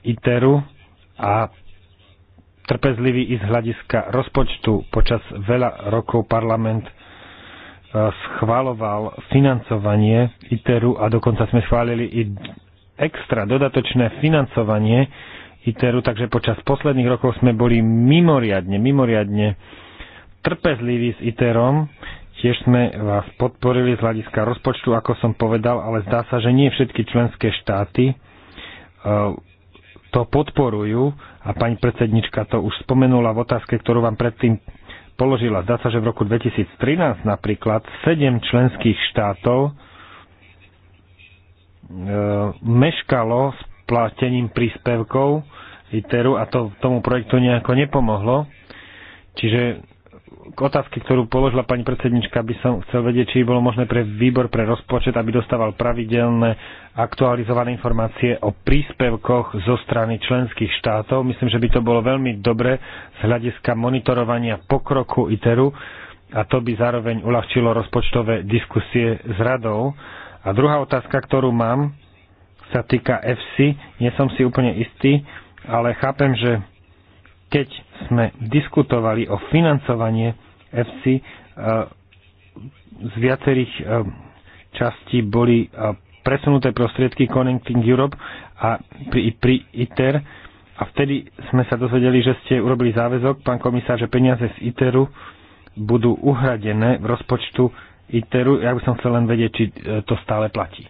Speaker 2: ITERu a trpezlivý i z hľadiska rozpočtu. Počas veľa rokov parlament e, schváloval financovanie ITERu a dokonca sme schválili i extra dodatočné financovanie ITERu, takže počas posledných rokov sme boli mimoriadne, mimoriadne trpezliví s ITERom. Tiež sme vás podporili z hľadiska rozpočtu, ako som povedal, ale zdá sa, že nie všetky členské štáty e, to podporujú a pani predsednička to už spomenula v otázke, ktorú vám predtým položila. Zdá sa, že v roku 2013 napríklad sedem členských štátov e, meškalo s platením príspevkov ITERu a to tomu projektu nejako nepomohlo. Čiže k otázke, ktorú položila pani predsednička, by som chcel vedieť, či bolo možné pre výbor pre rozpočet, aby dostával pravidelné aktualizované informácie o príspevkoch zo strany členských štátov. Myslím, že by to bolo veľmi dobre z hľadiska monitorovania pokroku ITERu a to by zároveň uľahčilo rozpočtové diskusie s radou. A druhá otázka, ktorú mám, sa týka FC. Nie som si úplne istý, ale chápem, že keď sme diskutovali o financovanie FC, eh, z viacerých eh, častí boli eh, presunuté prostriedky Connecting Europe a pri, pri ITER a vtedy sme sa dozvedeli, že ste urobili záväzok, pán komisár, že peniaze z ITERu budú uhradené v rozpočtu ITERu. Ja by som chcel len vedieť, či to stále platí.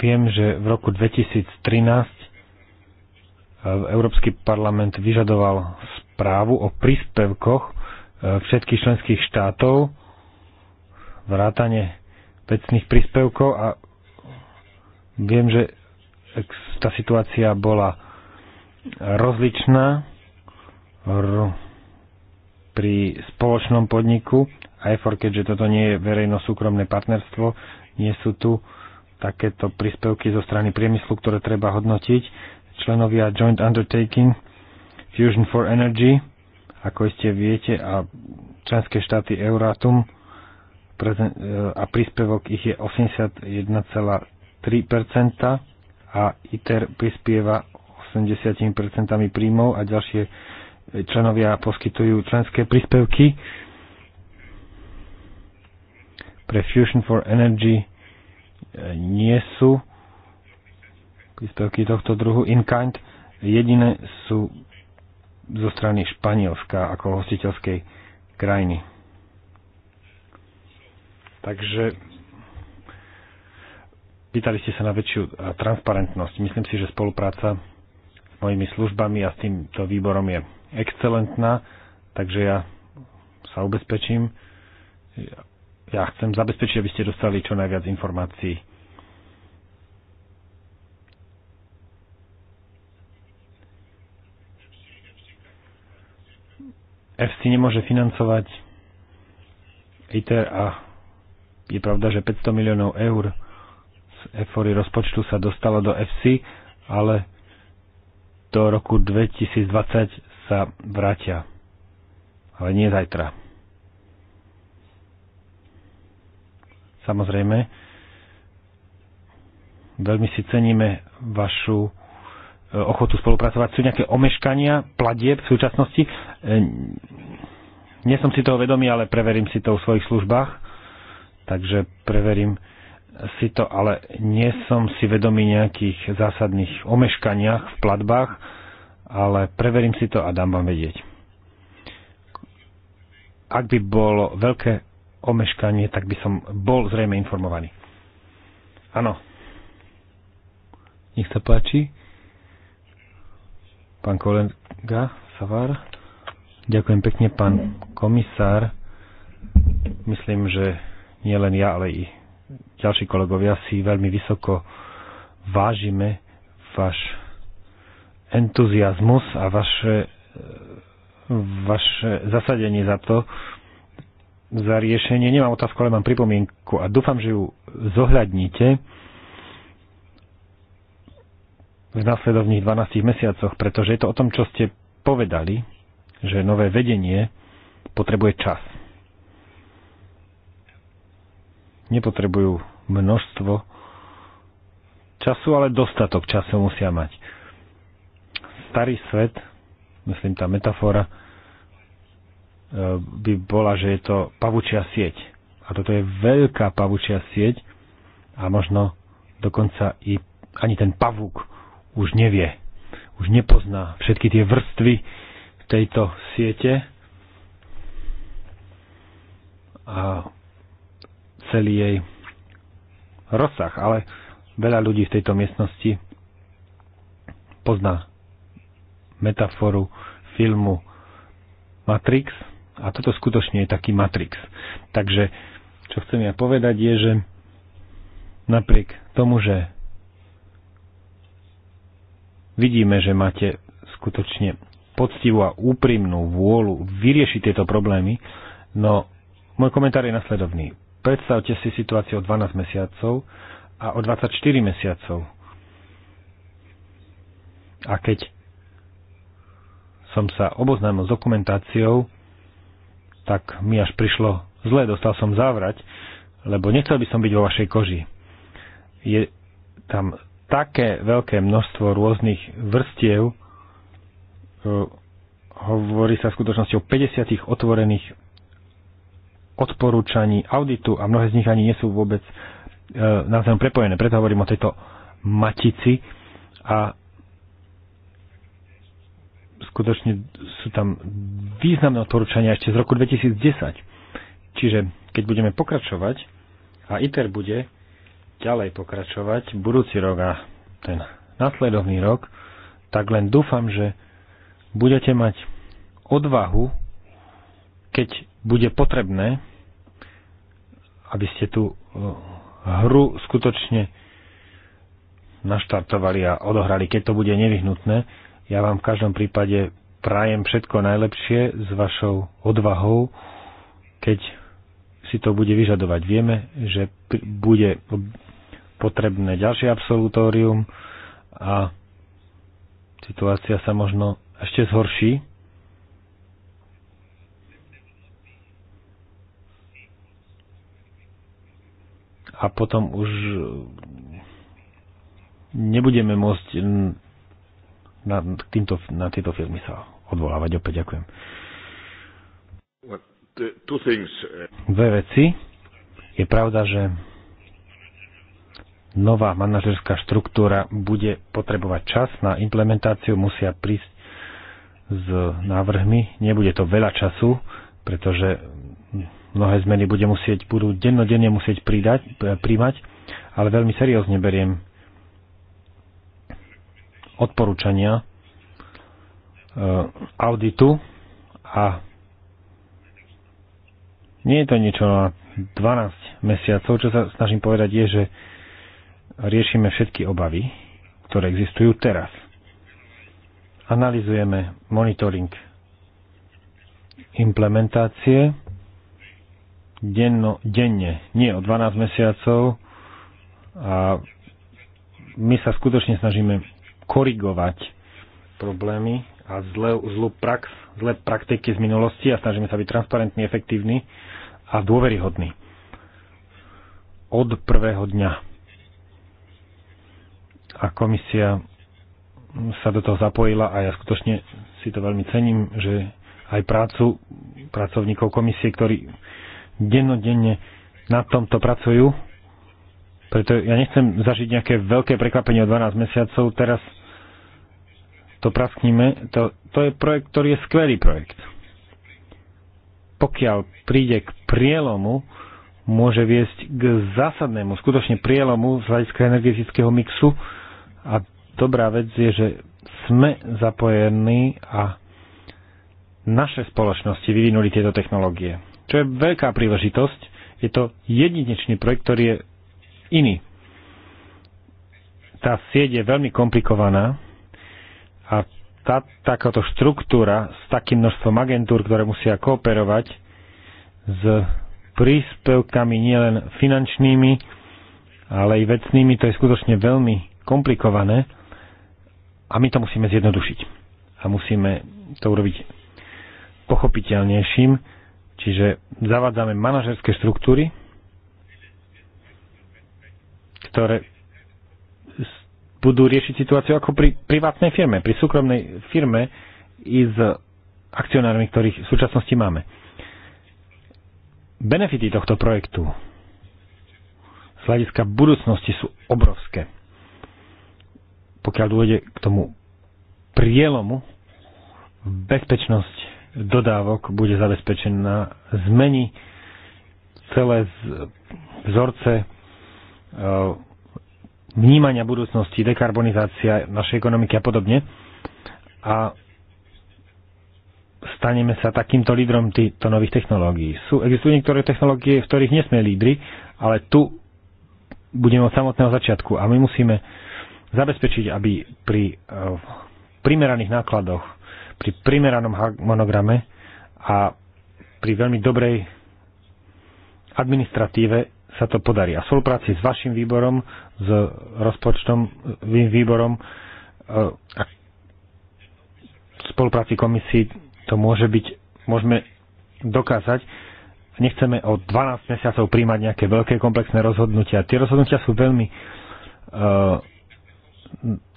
Speaker 2: Viem, že v roku 2013 e, Európsky parlament vyžadoval správu o príspevkoch e, všetkých členských štátov, vrátane vecných príspevkov a viem, že tá situácia bola rozličná pri spoločnom podniku, aj for, keďže toto nie je verejno-súkromné partnerstvo, nie sú tu takéto príspevky zo strany priemyslu, ktoré treba hodnotiť. Členovia Joint Undertaking Fusion for Energy, ako ste viete, a členské štáty Euratom e, a príspevok ich je 81,3% a ITER prispieva 80% príjmov a ďalšie e, členovia poskytujú členské príspevky. Pre Fusion for Energy nie sú príspevky tohto druhu in kind. Jediné sú zo strany Španielska ako hostiteľskej krajiny. Takže pýtali ste sa na väčšiu eh, transparentnosť. Myslím si, že spolupráca s mojimi službami a s týmto výborom je excelentná, takže ja sa ubezpečím ja chcem zabezpečiť, aby ste dostali čo najviac informácií. FC nemôže financovať ITER a je pravda, že 500 miliónov eur z EFORY rozpočtu sa dostalo do FC, ale do roku 2020 sa vrátia. Ale nie zajtra. Samozrejme, veľmi si ceníme vašu e, ochotu spolupracovať. Sú nejaké omeškania platieb v súčasnosti? E, nie som si toho vedomý, ale preverím si to v svojich službách. Takže preverím si to, ale nie som si vedomý nejakých zásadných omeškaniach v platbách, ale preverím si to a dám vám vedieť. Ak by bolo veľké omeškanie, tak by som bol zrejme informovaný. Áno. Nech sa páči. Pán kolega Savar. Ďakujem pekne, pán komisár. Myslím, že nie len ja, ale i ďalší kolegovia si veľmi vysoko vážime váš entuziasmus a vaše, vaše zasadenie za to, za riešenie. Nemám otázku, ale mám pripomienku a dúfam, že ju zohľadníte v následovných 12 mesiacoch, pretože je to o tom, čo ste povedali, že nové vedenie potrebuje čas. Nepotrebujú množstvo času, ale dostatok času musia mať. Starý svet, myslím tá metafora, by bola, že je to pavučia sieť. A toto je veľká pavučia sieť a možno dokonca i ani ten pavúk už nevie, už nepozná všetky tie vrstvy tejto siete a celý jej rozsah. Ale veľa ľudí v tejto miestnosti pozná metaforu filmu Matrix, a toto skutočne je taký matrix. Takže, čo chcem ja povedať je, že napriek tomu, že vidíme, že máte skutočne poctivú a úprimnú vôľu vyriešiť tieto problémy, no môj komentár je nasledovný. Predstavte si situáciu o 12 mesiacov a o 24 mesiacov. A keď som sa oboznámil s dokumentáciou, tak mi až prišlo zle, dostal som závrať, lebo nechcel by som byť vo vašej koži. Je tam také veľké množstvo rôznych vrstiev, e, hovorí sa v skutočnosti o 50 otvorených odporúčaní auditu a mnohé z nich ani nie sú vôbec e, navzájom prepojené. Preto hovorím o tejto matici a skutočne sú tam významné odporúčania ešte z roku 2010. Čiže keď budeme pokračovať a ITER bude ďalej pokračovať budúci rok a ten nasledovný rok, tak len dúfam, že budete mať odvahu, keď bude potrebné, aby ste tú e, hru skutočne naštartovali a odohrali, keď to bude nevyhnutné, ja vám v každom prípade prajem všetko najlepšie s vašou odvahou, keď si to bude vyžadovať. Vieme, že bude potrebné ďalšie absolutórium a situácia sa možno ešte zhorší. A potom už nebudeme môcť na, týmto, na tieto filmy sa odvolávať opäť. Ďakujem. Dve veci. Je pravda, že nová manažerská štruktúra bude potrebovať čas na implementáciu, musia prísť s návrhmi. Nebude to veľa času, pretože mnohé zmeny bude musieť, budú dennodenne musieť pridať, príjmať, ale veľmi seriózne beriem odporúčania e, auditu a nie je to niečo na 12 mesiacov. Čo sa snažím povedať je, že riešime všetky obavy, ktoré existujú teraz. Analizujeme monitoring implementácie denno, denne, nie o 12 mesiacov a my sa skutočne snažíme korigovať problémy a zlé, zlú prax, zlé praktiky z minulosti a snažíme sa byť transparentní, efektívni a dôveryhodní. Od prvého dňa. A komisia sa do toho zapojila a ja skutočne si to veľmi cením, že aj prácu pracovníkov komisie, ktorí dennodenne na tomto pracujú, preto ja nechcem zažiť nejaké veľké prekvapenie o 12 mesiacov. Teraz to praskníme. To, to je projekt, ktorý je skvelý projekt. Pokiaľ príde k prielomu, môže viesť k zásadnému, skutočne prielomu z hľadiska energetického mixu a dobrá vec je, že sme zapojení a naše spoločnosti vyvinuli tieto technológie. Čo je veľká príležitosť, je to jedinečný projekt, ktorý je iný. Tá sieť je veľmi komplikovaná a tá, takáto štruktúra s takým množstvom agentúr, ktoré musia kooperovať s príspevkami nielen finančnými, ale i vecnými, to je skutočne veľmi komplikované a my to musíme zjednodušiť. A musíme to urobiť pochopiteľnejším, čiže zavádzame manažerské štruktúry, ktoré budú riešiť situáciu ako pri privátnej firme, pri súkromnej firme i s akcionármi, ktorých v súčasnosti máme. Benefity tohto projektu z hľadiska budúcnosti sú obrovské. Pokiaľ dôjde k tomu prielomu, bezpečnosť dodávok bude zabezpečená, zmení celé vzorce E, vnímania budúcnosti, dekarbonizácia našej ekonomiky a podobne. A staneme sa takýmto lídrom týchto nových technológií. Sú, existujú niektoré technológie, v ktorých nesme lídry, ale tu budeme od samotného začiatku a my musíme zabezpečiť, aby pri uh, primeraných nákladoch, pri primeranom monograme a pri veľmi dobrej administratíve sa to podarí. A v spolupráci s vašim výborom, s rozpočtovým výborom a e, v spolupráci komisí to môže byť, môžeme dokázať. Nechceme o 12 mesiacov príjmať nejaké veľké komplexné rozhodnutia. Tie rozhodnutia sú veľmi e,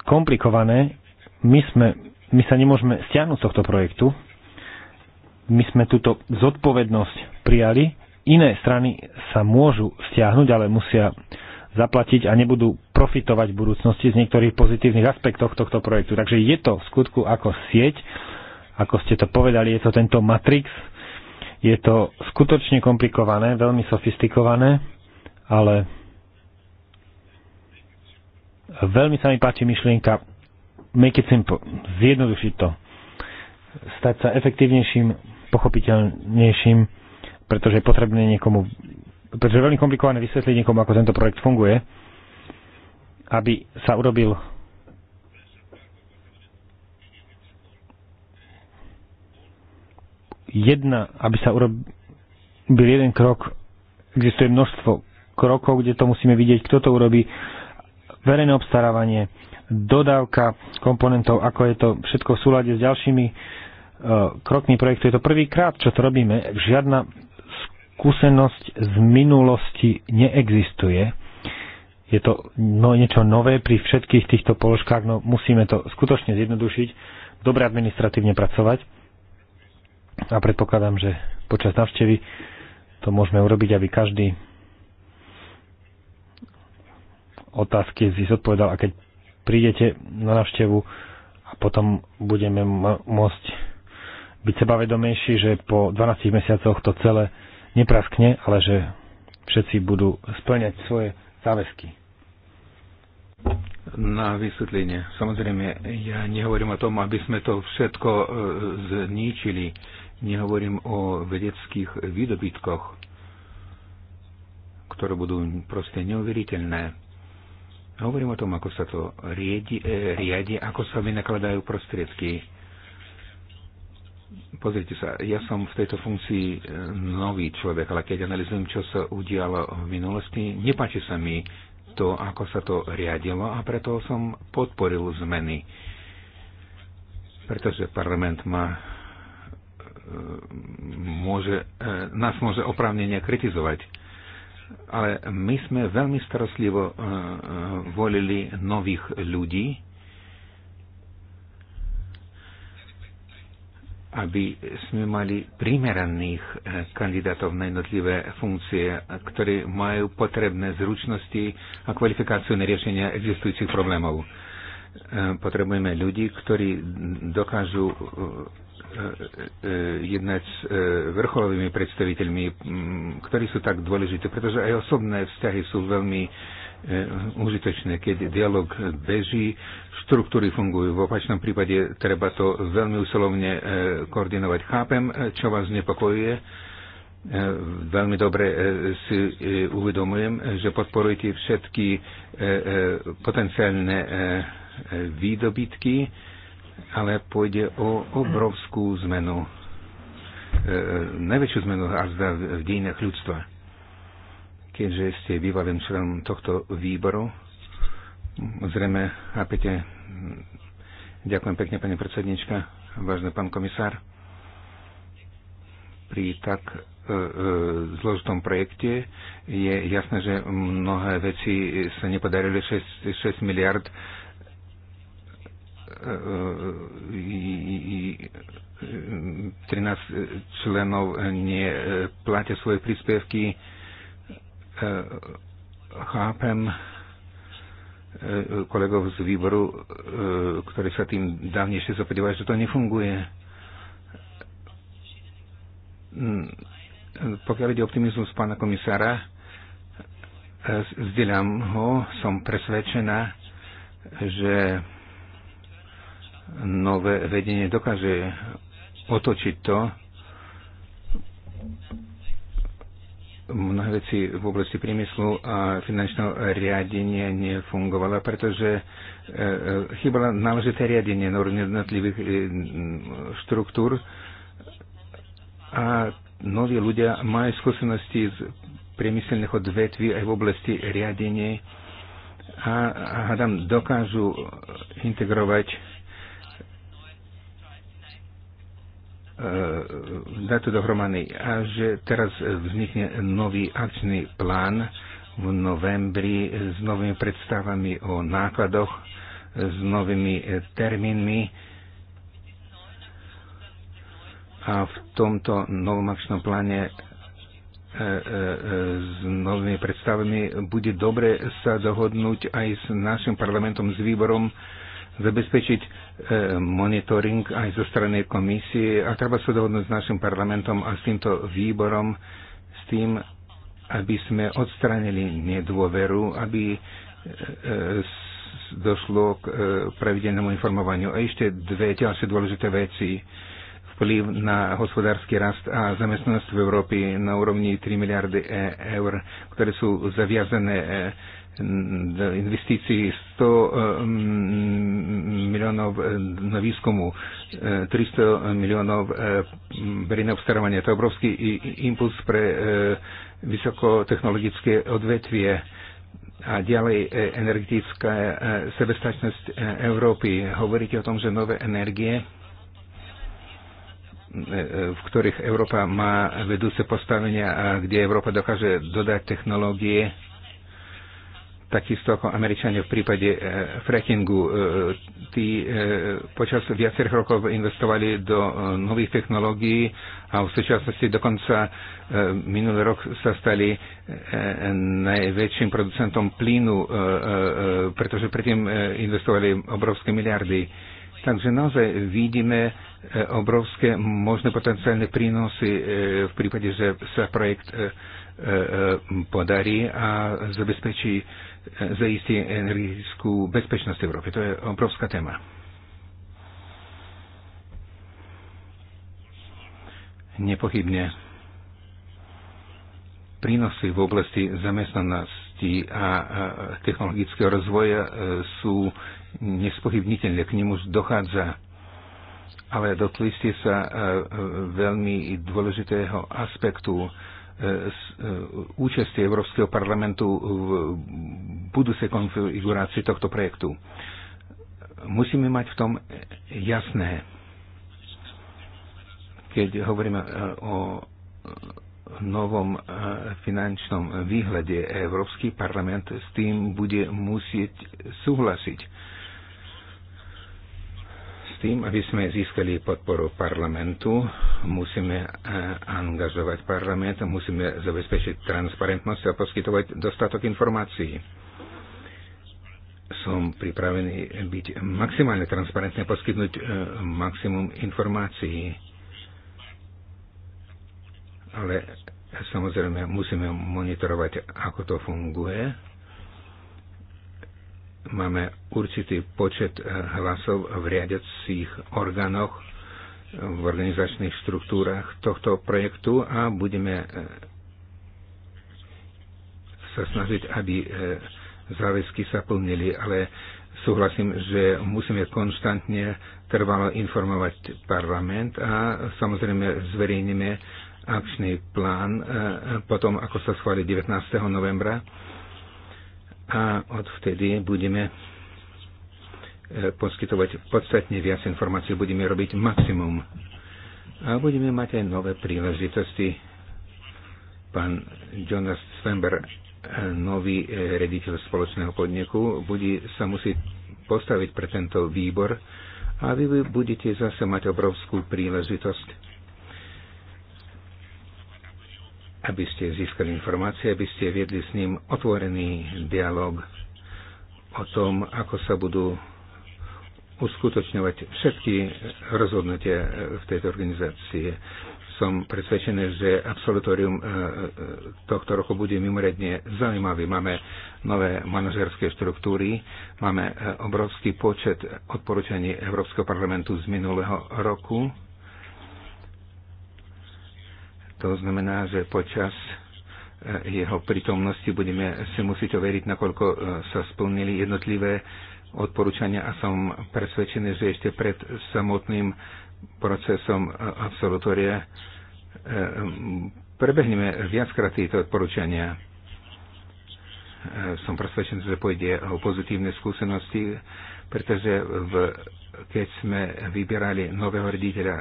Speaker 2: komplikované. My, sme, my sa nemôžeme stiahnuť z tohto projektu. My sme túto zodpovednosť prijali iné strany sa môžu stiahnuť, ale musia zaplatiť a nebudú profitovať v budúcnosti z niektorých pozitívnych aspektov tohto projektu. Takže je to v skutku ako sieť, ako ste to povedali, je to tento matrix, je to skutočne komplikované, veľmi sofistikované, ale veľmi sa mi páči myšlienka make it simple, zjednodušiť to, stať sa efektívnejším, pochopiteľnejším pretože je potrebné niekomu, pretože je veľmi komplikované vysvetliť niekomu, ako tento projekt funguje, aby sa urobil jedna, aby sa urobil jeden krok, existuje množstvo krokov, kde to musíme vidieť, kto to urobí, verejné obstarávanie, dodávka komponentov, ako je to všetko v súlade s ďalšími eh, krokmi projektu. Je to prvýkrát, čo to robíme. Žiadna skúsenosť z minulosti neexistuje. Je to no, niečo nové pri všetkých týchto položkách, no musíme to skutočne zjednodušiť, dobre administratívne pracovať a predpokladám, že počas navštevy to môžeme urobiť, aby každý otázky si zodpovedal a keď prídete na navštevu a potom budeme môcť byť sebavedomejší, že po 12 mesiacoch to celé nepraskne, ale že všetci budú splňať svoje záväzky.
Speaker 3: Na vysvetlenie. Samozrejme, ja nehovorím o tom, aby sme to všetko e, zničili. Nehovorím o vedeckých výdobytkoch, ktoré budú proste neuveriteľné. Hovorím o tom, ako sa to riadi, e, riadi ako sa vynakladajú prostriedky Pozrite sa, ja som v tejto funkcii e, nový človek, ale keď analizujem, čo sa udialo v minulosti, nepáči sa mi to, ako sa to riadilo a preto som podporil zmeny. Pretože parlament má e, môže, e, nás môže oprávnenia kritizovať. Ale my sme veľmi starostlivo volili nových ľudí, aby sme mali primeraných eh, kandidátov na jednotlivé funkcie, ktorí majú potrebné zručnosti a kvalifikáciu na riešenie existujúcich problémov. Eh, potrebujeme ľudí, ktorí dokážu eh, jednať s vrcholovými predstaviteľmi, mm, ktorí sú tak dôležité, pretože aj osobné vzťahy sú veľmi E, užitočné, keď dialog beží, štruktúry fungujú. V opačnom prípade treba to veľmi usilovne e, koordinovať. Chápem, e, čo vás nepokojuje. Veľmi dobre si uvedomujem, že podporujete všetky potenciálne výdobytky, ale pôjde o obrovskú zmenu. Najväčšiu zmenu až v dejinách ľudstva keďže ste bývalým členom tohto výboru. Zrejme, chápete, ďakujem pekne, pani predsednička, vážny pán komisár. Pri tak zložitom projekte je jasné, že mnohé veci sa nepodarili 6, 6 miliard i 13 členov neplatia svoje príspevky chápem e, kolegov z výboru, e, ktorí sa tým dávnejšie zapodívajú, že to nefunguje. Mm, pokiaľ ide optimizmus pána komisára, e, zdieľam ho, som presvedčená, že nové vedenie dokáže otočiť to, mnohé veci v oblasti priemyslu a finančného riadenia nefungovala, pretože e, e, chýbalo náležité riadenie na úrovni jednotlivých e, štruktúr a noví ľudia majú skúsenosti z priemyselných odvetví aj v oblasti riadenia a, hádam, dokážu integrovať E, dať to dohromady a že teraz vznikne nový akčný plán v novembri s novými predstavami o nákladoch, s novými e, termínmi a v tomto novom akčnom pláne e, s novými predstavami bude dobre sa dohodnúť aj s našim parlamentom, s výborom, zabezpečiť E, monitoring aj zo strany komisie a treba sa dohodnúť s našim parlamentom a s týmto výborom s tým, aby sme odstranili nedôveru, aby e, e, došlo k pravidelnému informovaniu. A ešte dve ďalšie dôležité veci vplyv na hospodársky rast a zamestnanosť v Európe na úrovni 3 miliardy eur, ktoré sú zaviazané investícií 100 miliónov na výskumu, 300 miliónov verejné obstarávanie. To je obrovský impuls pre vysokotechnologické odvetvie a ďalej e, energetická e, sebestačnosť e, Európy. Hovoríte o tom, že nové energie, v ktorých Európa má vedúce postavenia a kde Európa dokáže dodať technológie, takisto ako Američania v prípade e, frackingu. E, tí e, počas viacerých rokov investovali do e, nových technológií a v súčasnosti dokonca e, minulý rok sa stali e, najväčším producentom plynu, e, e, e pretože predtým e, investovali obrovské miliardy. Takže naozaj vidíme e, obrovské možné potenciálne prínosy e, v prípade, že sa projekt podarí a zabezpečí zaistí energetickú bezpečnosť Európy. To je obrovská téma. Nepochybne prínosy v oblasti zamestnanosti a technologického rozvoja e, sú nespochybniteľné. K nemu dochádza ale dotkli ste sa e, e, veľmi dôležitého aspektu E, e, e, účasti Európskeho parlamentu v budúcej konfigurácii tohto projektu. Musíme mať v tom jasné, keď hovoríme o novom finančnom výhľade Európsky parlament s tým bude musieť súhlasiť tým, aby sme získali podporu parlamentu, musíme eh, angažovať parlament, musíme zabezpečiť transparentnosť a poskytovať dostatok informácií. Som pripravený byť maximálne transparentný a poskytnúť eh, maximum informácií. Ale samozrejme musíme monitorovať, ako to funguje Máme určitý počet eh, hlasov v riadiacich orgánoch, v organizačných štruktúrach tohto projektu a budeme eh, sa snažiť, aby eh, záväzky sa plnili, ale súhlasím, že musíme konštantne trvalo informovať parlament a samozrejme zverejníme akčný plán potom, ako sa schváli 19. novembra a odvtedy budeme e, poskytovať podstatne viac informácií, budeme robiť maximum a budeme mať aj nové príležitosti. Pán Jonas Svember, e, nový e, rediteľ spoločného podniku, bude sa musieť postaviť pre tento výbor a vy budete zase mať obrovskú príležitosť aby ste získali informácie, aby ste viedli s ním otvorený dialog o tom, ako sa budú uskutočňovať všetky rozhodnutia v tejto organizácii. Som presvedčený, že absolutorium e, e, tohto roku bude mimoriadne zaujímavý. Máme nové manažerské štruktúry, máme e, obrovský počet odporúčaní Európskeho parlamentu z minulého roku, to znamená, že počas eh, jeho prítomnosti budeme si musieť overiť, nakoľko eh, sa splnili jednotlivé odporúčania a som presvedčený, že ešte pred samotným procesom eh, absolutória prebehneme viackrát tieto odporúčania. Som presvedčený, že pôjde o pozitívne skúsenosti, pretože v, keď sme vyberali nového riaditeľa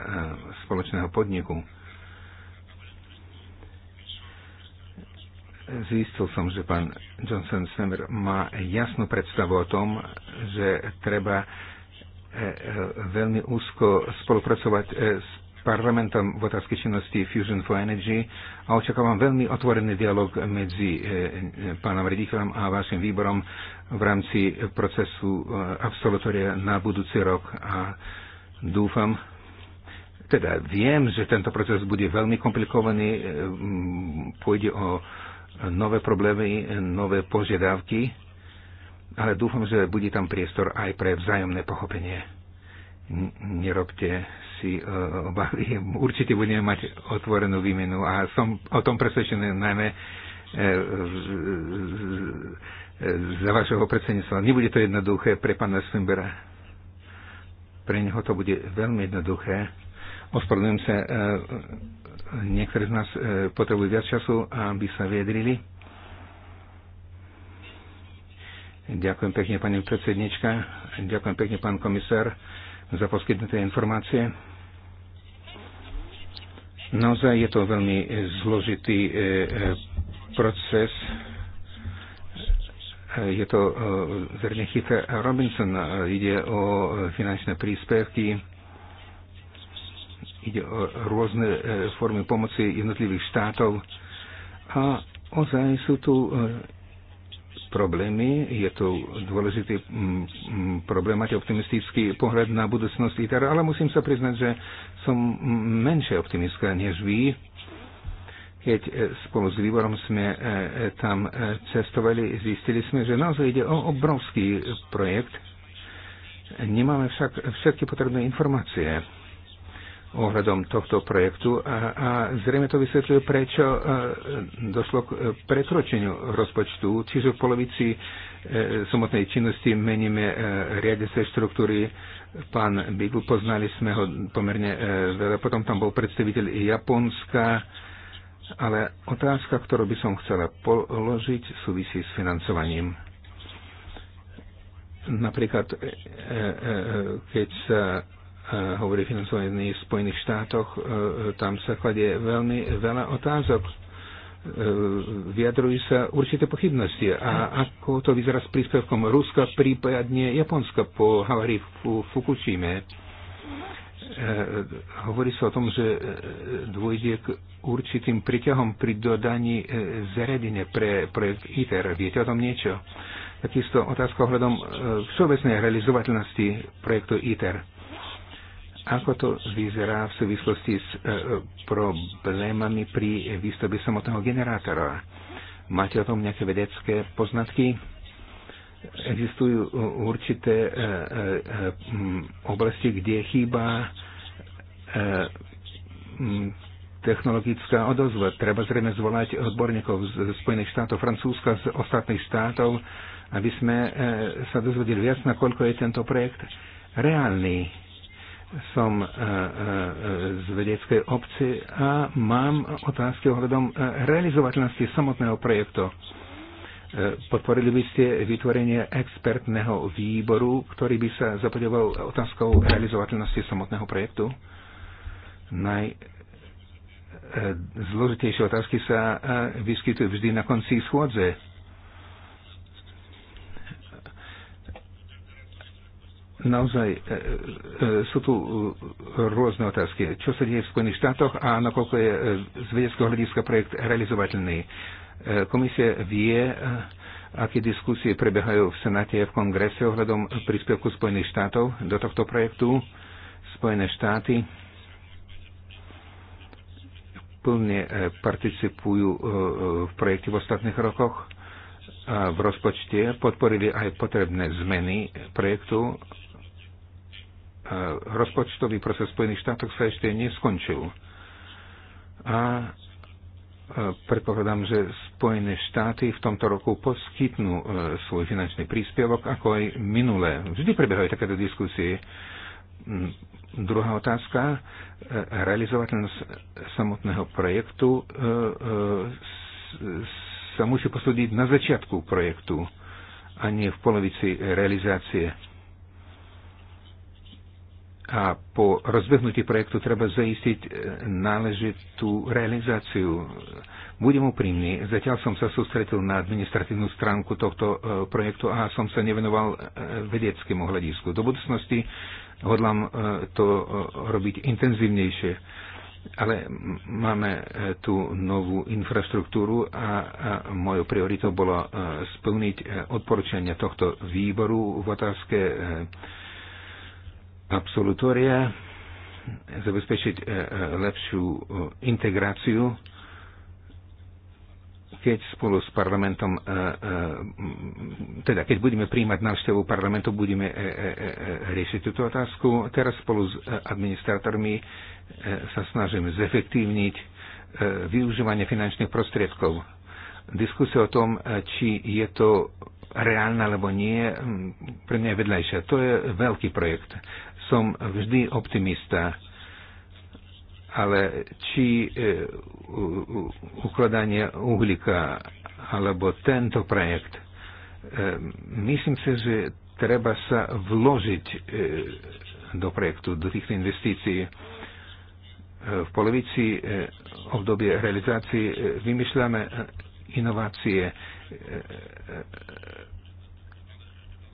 Speaker 3: spoločného podniku, Zistil som, že pán Johnson Semer má jasnú predstavu o tom, že treba e, e, veľmi úzko spolupracovať e, s parlamentom v otázke činnosti Fusion for Energy a očakávam veľmi otvorený dialog medzi pánom rediteľom a vašim výborom v rámci procesu absolutoria na budúci rok a dúfam, teda viem, že tento proces bude veľmi komplikovaný, pôjde o nové problémy, nové požiadavky, ale dúfam, že bude tam priestor aj pre vzájomné pochopenie. Nerobte si e, obavy. Určite budeme mať otvorenú výmenu a som o tom presvedčený najmä e, za vašeho predsedníctva. Nebude to jednoduché pre pána Svimbera. Pre neho to bude veľmi jednoduché. Ospravedlňujem sa e, Niektorí z nás e, potrebujú viac času, aby sa viedrili. Ďakujem pekne, pani predsednička. Ďakujem pekne, pán komisár, za poskytnuté informácie. Naozaj je to veľmi zložitý e, e, proces. Je to zrejme chytré Robinson. Ide o finančné príspevky ide o rôzne e, formy pomoci jednotlivých štátov a ozaj sú tu e, problémy, je to dôležitý problém, mať optimistický pohľad na budúcnosť ITER, ale musím sa priznať, že som menšie optimistka než vy. Keď e, spolu s výborom sme tam cestovali, zistili sme, že naozaj ide o obrovský projekt. Nemáme však všetky potrebné informácie ohľadom tohto projektu a, a zrejme to vysvetľuje, prečo e, došlo k e, prekročeniu rozpočtu, čiže v polovici e, samotnej činnosti meníme e, riadiace štruktúry. Pán Bigl, poznali sme ho pomerne e, veľa, potom tam bol predstaviteľ Japonska, ale otázka, ktorú by som chcela položiť, súvisí s financovaním napríklad e, e, keď sa Eh, hovorí financovaný v Spojených štátoch, eh, tam sa kladie veľmi veľa otázok. Eh, vyjadrujú sa určité pochybnosti. A ako to vyzerá s príspevkom Ruska, prípadne Japonska po havárii v Fukushime? Hovorí sa o tom, že dôjde k určitým priťahom pri dodaní zariadenia pre projekt ITER. Viete o tom niečo? Takisto otázka ohľadom všeobecnej realizovateľnosti projektu ITER ako to vyzerá v súvislosti s e, problémami pri výstavbe samotného generátora? Máte o tom nejaké vedecké poznatky? Existujú e, určité e, oblasti, kde chýba technologická odozva. Treba zrejme zvolať odborníkov z Spojených štátov, Francúzska, z ostatných štátov, aby sme sa dozvedeli viac, nakoľko je tento projekt reálny som e, e, z vedeckej obci a mám otázky ohľadom e, realizovateľnosti samotného projektu. Podporili by ste vytvorenie expertného výboru, ktorý by sa zapodoval otázkou realizovateľnosti samotného projektu? Naj zložitejšie otázky sa vyskytujú vždy na konci schôdze naozaj e, e, e, sú tu rôzne otázky. Čo sa deje v Spojených štátoch a nakoľko je z vedeckého hľadiska projekt realizovateľný? Komisia vie, aké diskusie prebiehajú v Senáte a v Kongrese ohľadom príspevku Spojených štátov do tohto projektu. Spojené štáty plne participujú v projekte v ostatných rokoch v rozpočte podporili aj potrebné zmeny projektu rozpočtový proces v Spojených štátoch sa ešte neskončil. A predpokladám, že Spojené štáty v tomto roku poskytnú e, svoj finančný príspevok, ako aj minulé. Vždy prebiehajú takéto diskusie. Mm, druhá otázka. E, Realizovateľnosť samotného projektu e, sa musí posúdiť na začiatku projektu a nie v polovici realizácie a po rozbehnutí projektu treba zaistiť e, náležitú realizáciu. Budem úprimný, zatiaľ som sa sústretil na administratívnu stránku tohto e, projektu a som sa nevenoval e, vedeckému hľadisku. Do budúcnosti hodlám to robiť intenzívnejšie. Ale máme tú novú infraštruktúru a mojou prioritou bolo splniť odporúčania tohto výboru v otázke absolutória, zabezpečiť e, e, lepšiu e, integráciu, keď spolu s parlamentom, teda keď budeme príjmať návštevu parlamentu, budeme riešiť túto otázku. Teraz spolu s administrátormi sa snažíme zefektívniť využívanie finančných prostriedkov. Diskusia o tom, či je to reálne alebo nie, pre mňa je vedľajšia. To je veľký projekt som vždy optimista, ale či e, ukladanie uhlíka alebo tento projekt, e, myslím si, že treba sa vložiť e, do projektu, do týchto investícií. V polovici obdobie realizácie vymýšľame inovácie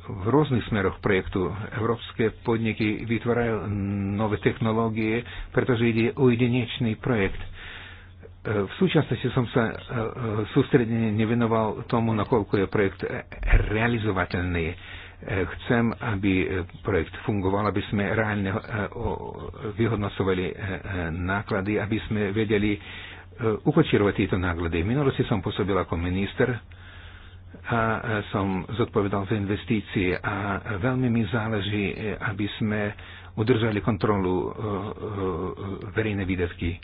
Speaker 3: v rôznych smeroch projektu. Európske podniky vytvárajú nové technológie, pretože ide o jedinečný projekt. E, v súčasnosti som sa e, sústredne nevenoval tomu, nakoľko je projekt realizovateľný. E, chcem, aby projekt fungoval, aby sme reálne vyhodnocovali náklady, aby sme vedeli ukočírovať tieto náklady. V minulosti som pôsobil ako minister a e, som zodpovedal za investície a veľmi mi záleží, e, aby sme udržali kontrolu e, verejnej výdavky,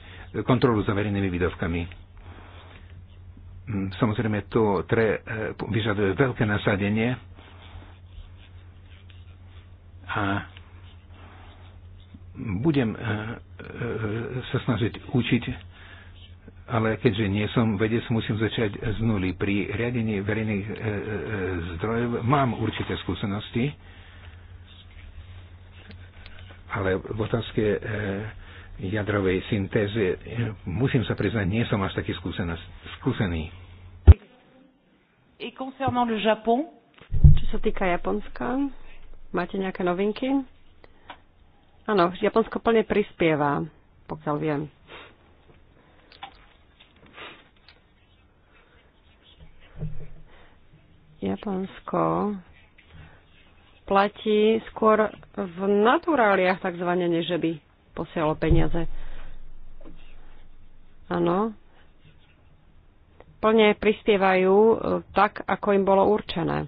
Speaker 3: kontrolu za verejnými výdavkami. Mm, samozrejme, to tre, vyžaduje veľké nasadenie a budem sa snažiť učiť ale keďže nie som vedec, musím začať z nuly. Pri riadení verejných e, e, e, zdrojov mám určité skúsenosti, ale v otázke e, jadrovej syntézy e, musím sa priznať, nie som až taký skúsený.
Speaker 1: Et concernant le Japon, čo sa týka Japonska, máte nejaké novinky? Áno, Japonsko plne prispieva, pokiaľ viem. Japonsko platí skôr v naturáliách takzvané, než by posielalo peniaze. Áno. Plne prispievajú e, tak, ako im bolo určené.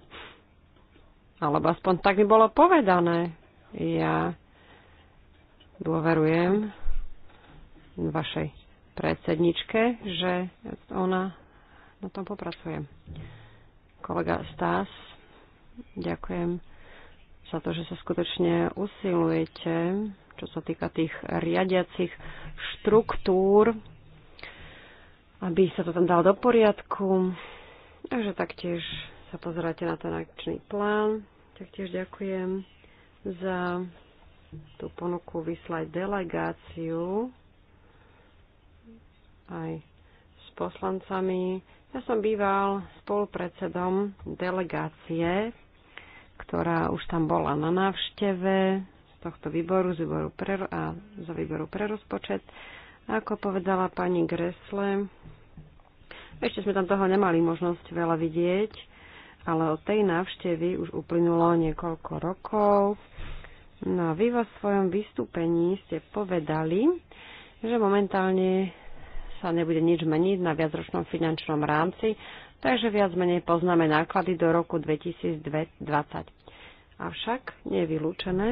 Speaker 1: Alebo aspoň tak mi bolo povedané. Ja dôverujem vašej predsedničke, že ona na tom popracuje kolega Stas, Ďakujem za to, že sa skutočne usilujete, čo sa týka tých riadiacich štruktúr, aby sa to tam dalo do poriadku. Takže taktiež sa pozeráte na ten akčný plán. Taktiež ďakujem za tú ponuku vyslať delegáciu aj s poslancami ja som býval spolupredsedom delegácie, ktorá už tam bola na návšteve z tohto výboru, z výboru pre, a za výboru pre rozpočet. A ako povedala pani Gresle, ešte sme tam toho nemali možnosť veľa vidieť, ale od tej návštevy už uplynulo niekoľko rokov. No a vy vo svojom vystúpení ste povedali, že momentálne sa nebude nič meniť na viacročnom finančnom rámci, takže viac menej poznáme náklady do roku 2020. Avšak nie je vylúčené,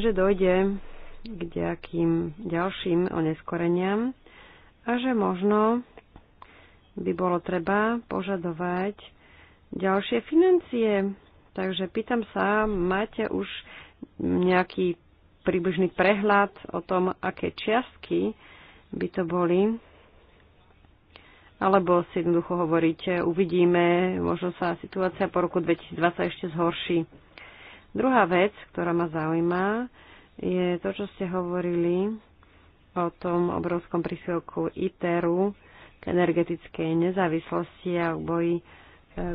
Speaker 1: že dojde k nejakým ďalším oneskoreniam a že možno by bolo treba požadovať ďalšie financie. Takže pýtam sa, máte už nejaký približný prehľad o tom, aké čiastky by to boli. Alebo si jednoducho hovoríte, uvidíme, možno sa situácia po roku 2020 ešte zhorší. Druhá vec, ktorá ma zaujíma, je to, čo ste hovorili o tom obrovskom príspevku ITERu k energetickej nezávislosti a k boji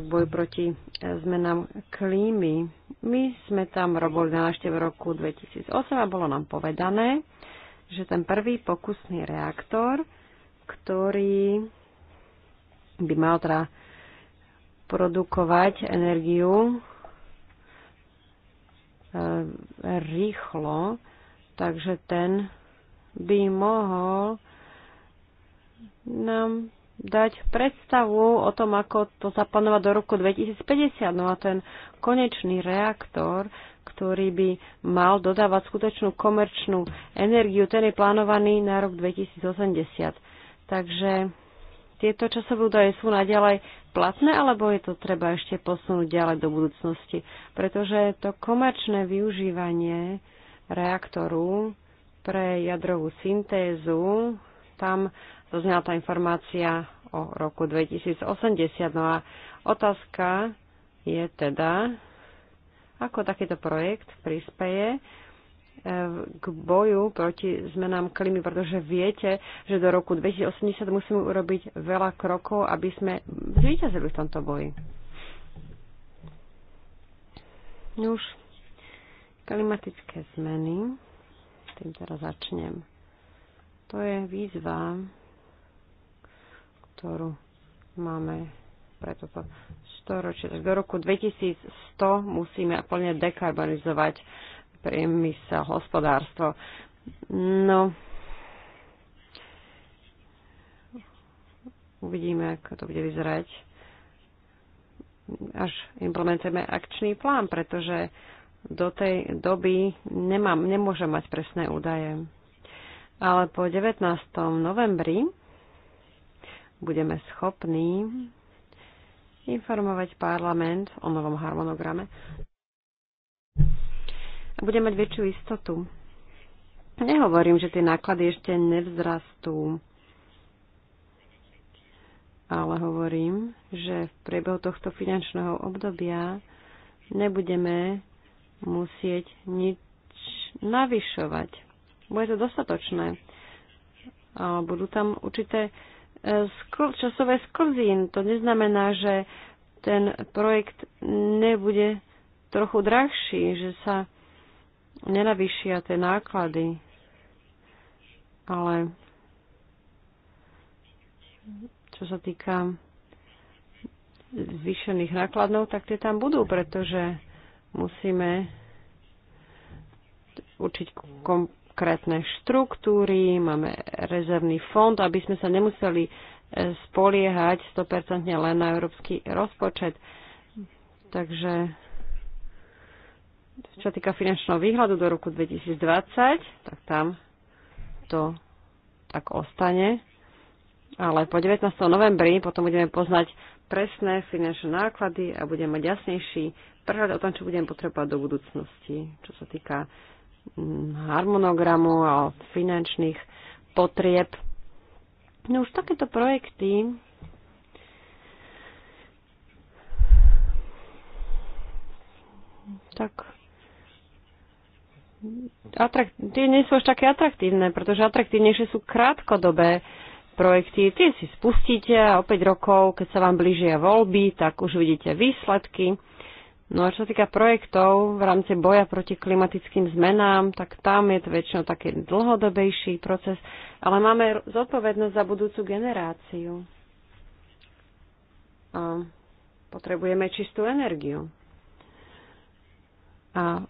Speaker 1: boj proti e, zmenám klímy. My sme tam robili na návšteve v roku 2008 a bolo nám povedané, že ten prvý pokusný reaktor, ktorý by mal teda produkovať energiu e, rýchlo, takže ten by mohol nám dať predstavu o tom, ako to zaplánovať do roku 2050. No a ten konečný reaktor, ktorý by mal dodávať skutočnú komerčnú energiu, ten je plánovaný na rok 2080. Takže tieto časové údaje sú naďalej platné, alebo je to treba ešte posunúť ďalej do budúcnosti? Pretože to komerčné využívanie reaktoru pre jadrovú syntézu, tam zaznela tá informácia o roku 2080. No a otázka je teda, ako takýto projekt prispieje eh, k boju proti zmenám klímy, pretože viete, že do roku 2080 musíme urobiť veľa krokov, aby sme zvíťazili v tomto boji. Už klimatické zmeny, tým teraz začnem. To je výzva ktorú máme pre toto storočie. do roku 2100 musíme plne dekarbonizovať priemysel, hospodárstvo. No, uvidíme, ako to bude vyzerať, až implementujeme akčný plán, pretože do tej doby nemám, nemôžem mať presné údaje. Ale po 19. novembri budeme schopní informovať parlament o novom harmonograme a budeme mať väčšiu istotu. Nehovorím, že tie náklady ešte nevzrastú, ale hovorím, že v priebehu tohto finančného obdobia nebudeme musieť nič navyšovať. Bude to dostatočné. Budú tam určité skl- časové sklzín. To neznamená, že ten projekt nebude trochu drahší, že sa nenavýšia tie náklady. Ale čo sa týka zvýšených nákladov, tak tie tam budú, pretože musíme určiť kom- konkrétne štruktúry, máme rezervný fond, aby sme sa nemuseli e, spoliehať 100% len na európsky rozpočet. Takže čo týka finančného výhľadu do roku 2020, tak tam to tak ostane. Ale po 19. novembri potom budeme poznať presné finančné náklady a budeme mať jasnejší prehľad o tom, čo budeme potrebovať do budúcnosti, čo sa týka Mm, harmonogramu a od finančných potrieb. No už takéto projekty tak atrakt, tie nie sú až také atraktívne, pretože atraktívnejšie sú krátkodobé projekty. Tie si spustíte a o 5 rokov, keď sa vám blížia voľby, tak už vidíte výsledky. No a čo sa týka projektov v rámci boja proti klimatickým zmenám, tak tam je to väčšinou taký dlhodobejší proces, ale máme zodpovednosť za budúcu generáciu. A potrebujeme čistú energiu. A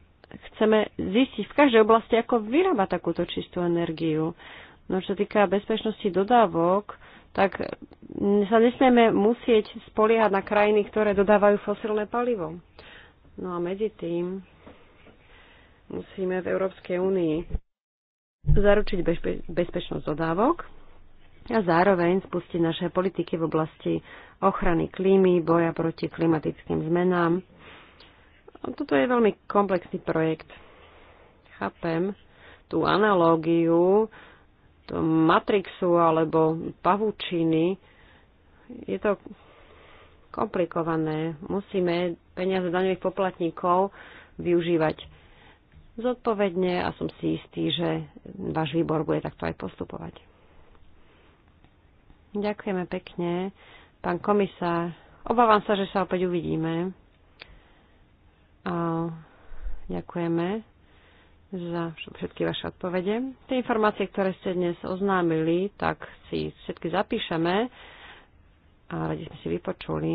Speaker 1: chceme zistiť v každej oblasti, ako vyrábať takúto čistú energiu. No čo sa týka bezpečnosti dodávok, tak sa nesmieme musieť spoliehať na krajiny, ktoré dodávajú fosilné palivo. No a medzi tým musíme v Európskej únii zaručiť bezpe- bezpečnosť dodávok a zároveň spustiť naše politiky v oblasti ochrany klímy, boja proti klimatickým zmenám. Toto je veľmi komplexný projekt. Chápem tú analógiu Matrixu alebo pavúčiny. Je to komplikované. Musíme peniaze daňových poplatníkov využívať zodpovedne a som si istý, že váš výbor bude takto aj postupovať. Ďakujeme pekne. Pán komisár, obávam sa, že sa opäť uvidíme. A ďakujeme za všetky vaše odpovede. Tie informácie, ktoré ste dnes oznámili, tak si všetky zapíšeme a radi sme si vypočuli.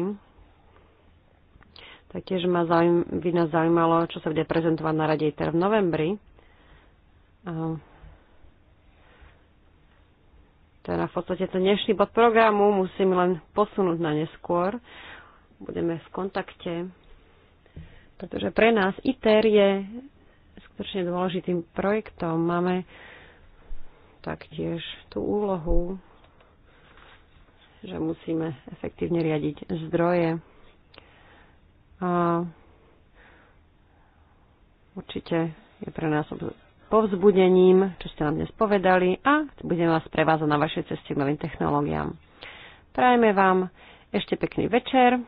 Speaker 1: Taktiež ma zaujím, by nás zaujímalo, čo sa bude prezentovať na rade ITER v novembri. A teda v podstate ten dnešný bod programu musím len posunúť na neskôr. Budeme v kontakte, pretože pre nás ITER je skutočne dôležitým projektom. Máme taktiež tú úlohu že musíme efektívne riadiť zdroje. A určite je pre nás povzbudením, čo ste nám dnes povedali a budeme vás prevázať na vašej ceste k novým technológiám. Prajeme vám ešte pekný večer,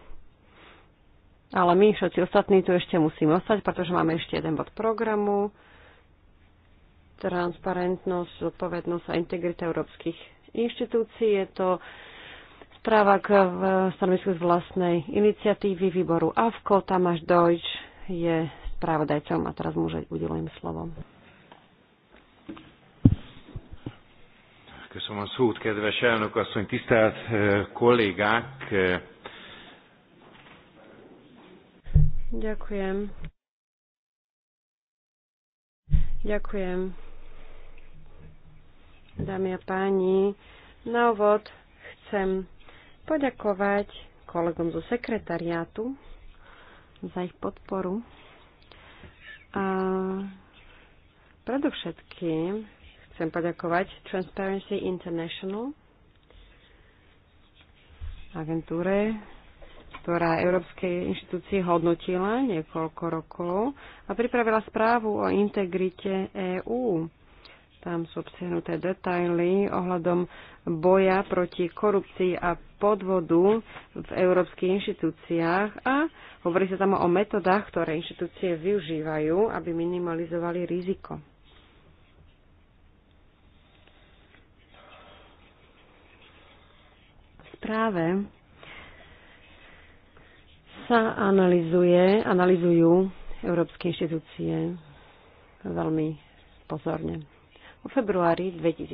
Speaker 1: ale my všetci ostatní tu ešte musíme ostať, pretože máme ešte jeden bod programu. Transparentnosť, zodpovednosť a integrita európskych inštitúcií. Je to Správa k stanovisku z vlastnej iniciatívy výboru AVKO. Tamáš Dojč je správodajcom a teraz môže udelujem slovo.
Speaker 3: Köszönöm a szót, kedves elnök asszony, tisztelt eh, kollégák! Eh.
Speaker 1: Ďakujem. Ďakujem. Dámy a páni, na úvod chcem poďakovať kolegom zo sekretariátu za ich podporu. A predovšetkým chcem poďakovať Transparency International, agentúre, ktorá Európskej inštitúcii hodnotila niekoľko rokov a pripravila správu o integrite EÚ. Tam sú obsiahnuté detaily ohľadom boja proti korupcii a podvodu v európskych inštitúciách a hovorí sa tam o metodách, ktoré inštitúcie využívajú, aby minimalizovali riziko. správe sa analizuje, analizujú európske inštitúcie veľmi pozorne. Vo februári 2014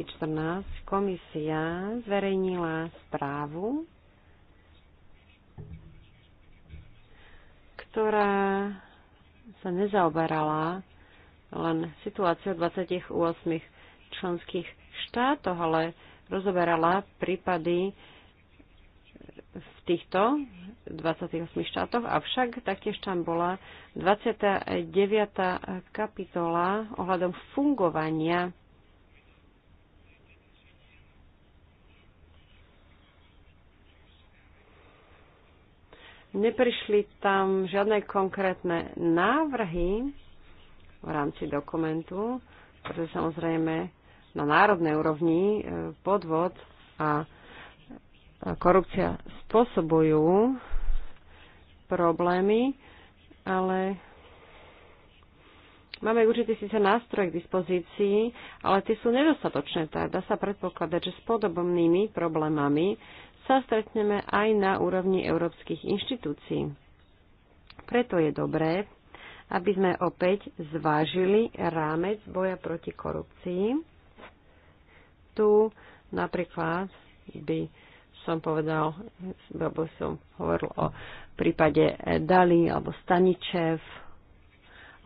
Speaker 1: komisia zverejnila správu, ktorá sa nezaoberala len situáciou 28 členských štátoch, ale rozoberala prípady v týchto 28 štátoch, avšak taktiež tam bola 29. kapitola ohľadom fungovania Neprišli tam žiadne konkrétne návrhy v rámci dokumentu, pretože samozrejme na národnej úrovni e, podvod a korupcia spôsobujú problémy, ale Máme určite síce nástroje k dispozícii, ale tie sú nedostatočné. Tak dá sa predpokladať, že s podobnými problémami sa stretneme aj na úrovni európskych inštitúcií. Preto je dobré, aby sme opäť zvážili rámec boja proti korupcii. Tu napríklad by som povedal, lebo som hovoril o prípade Dali alebo Staničev,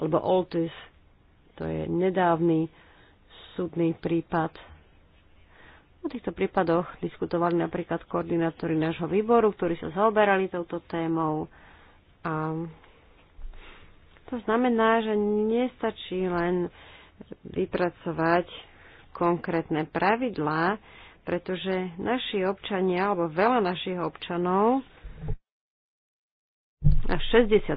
Speaker 1: alebo Oltis, to je nedávny súdny prípad. O týchto prípadoch diskutovali napríklad koordinátori nášho výboru, ktorí sa zaoberali touto témou. A to znamená, že nestačí len vypracovať konkrétne pravidlá, pretože naši občania, alebo veľa našich občanov, až 60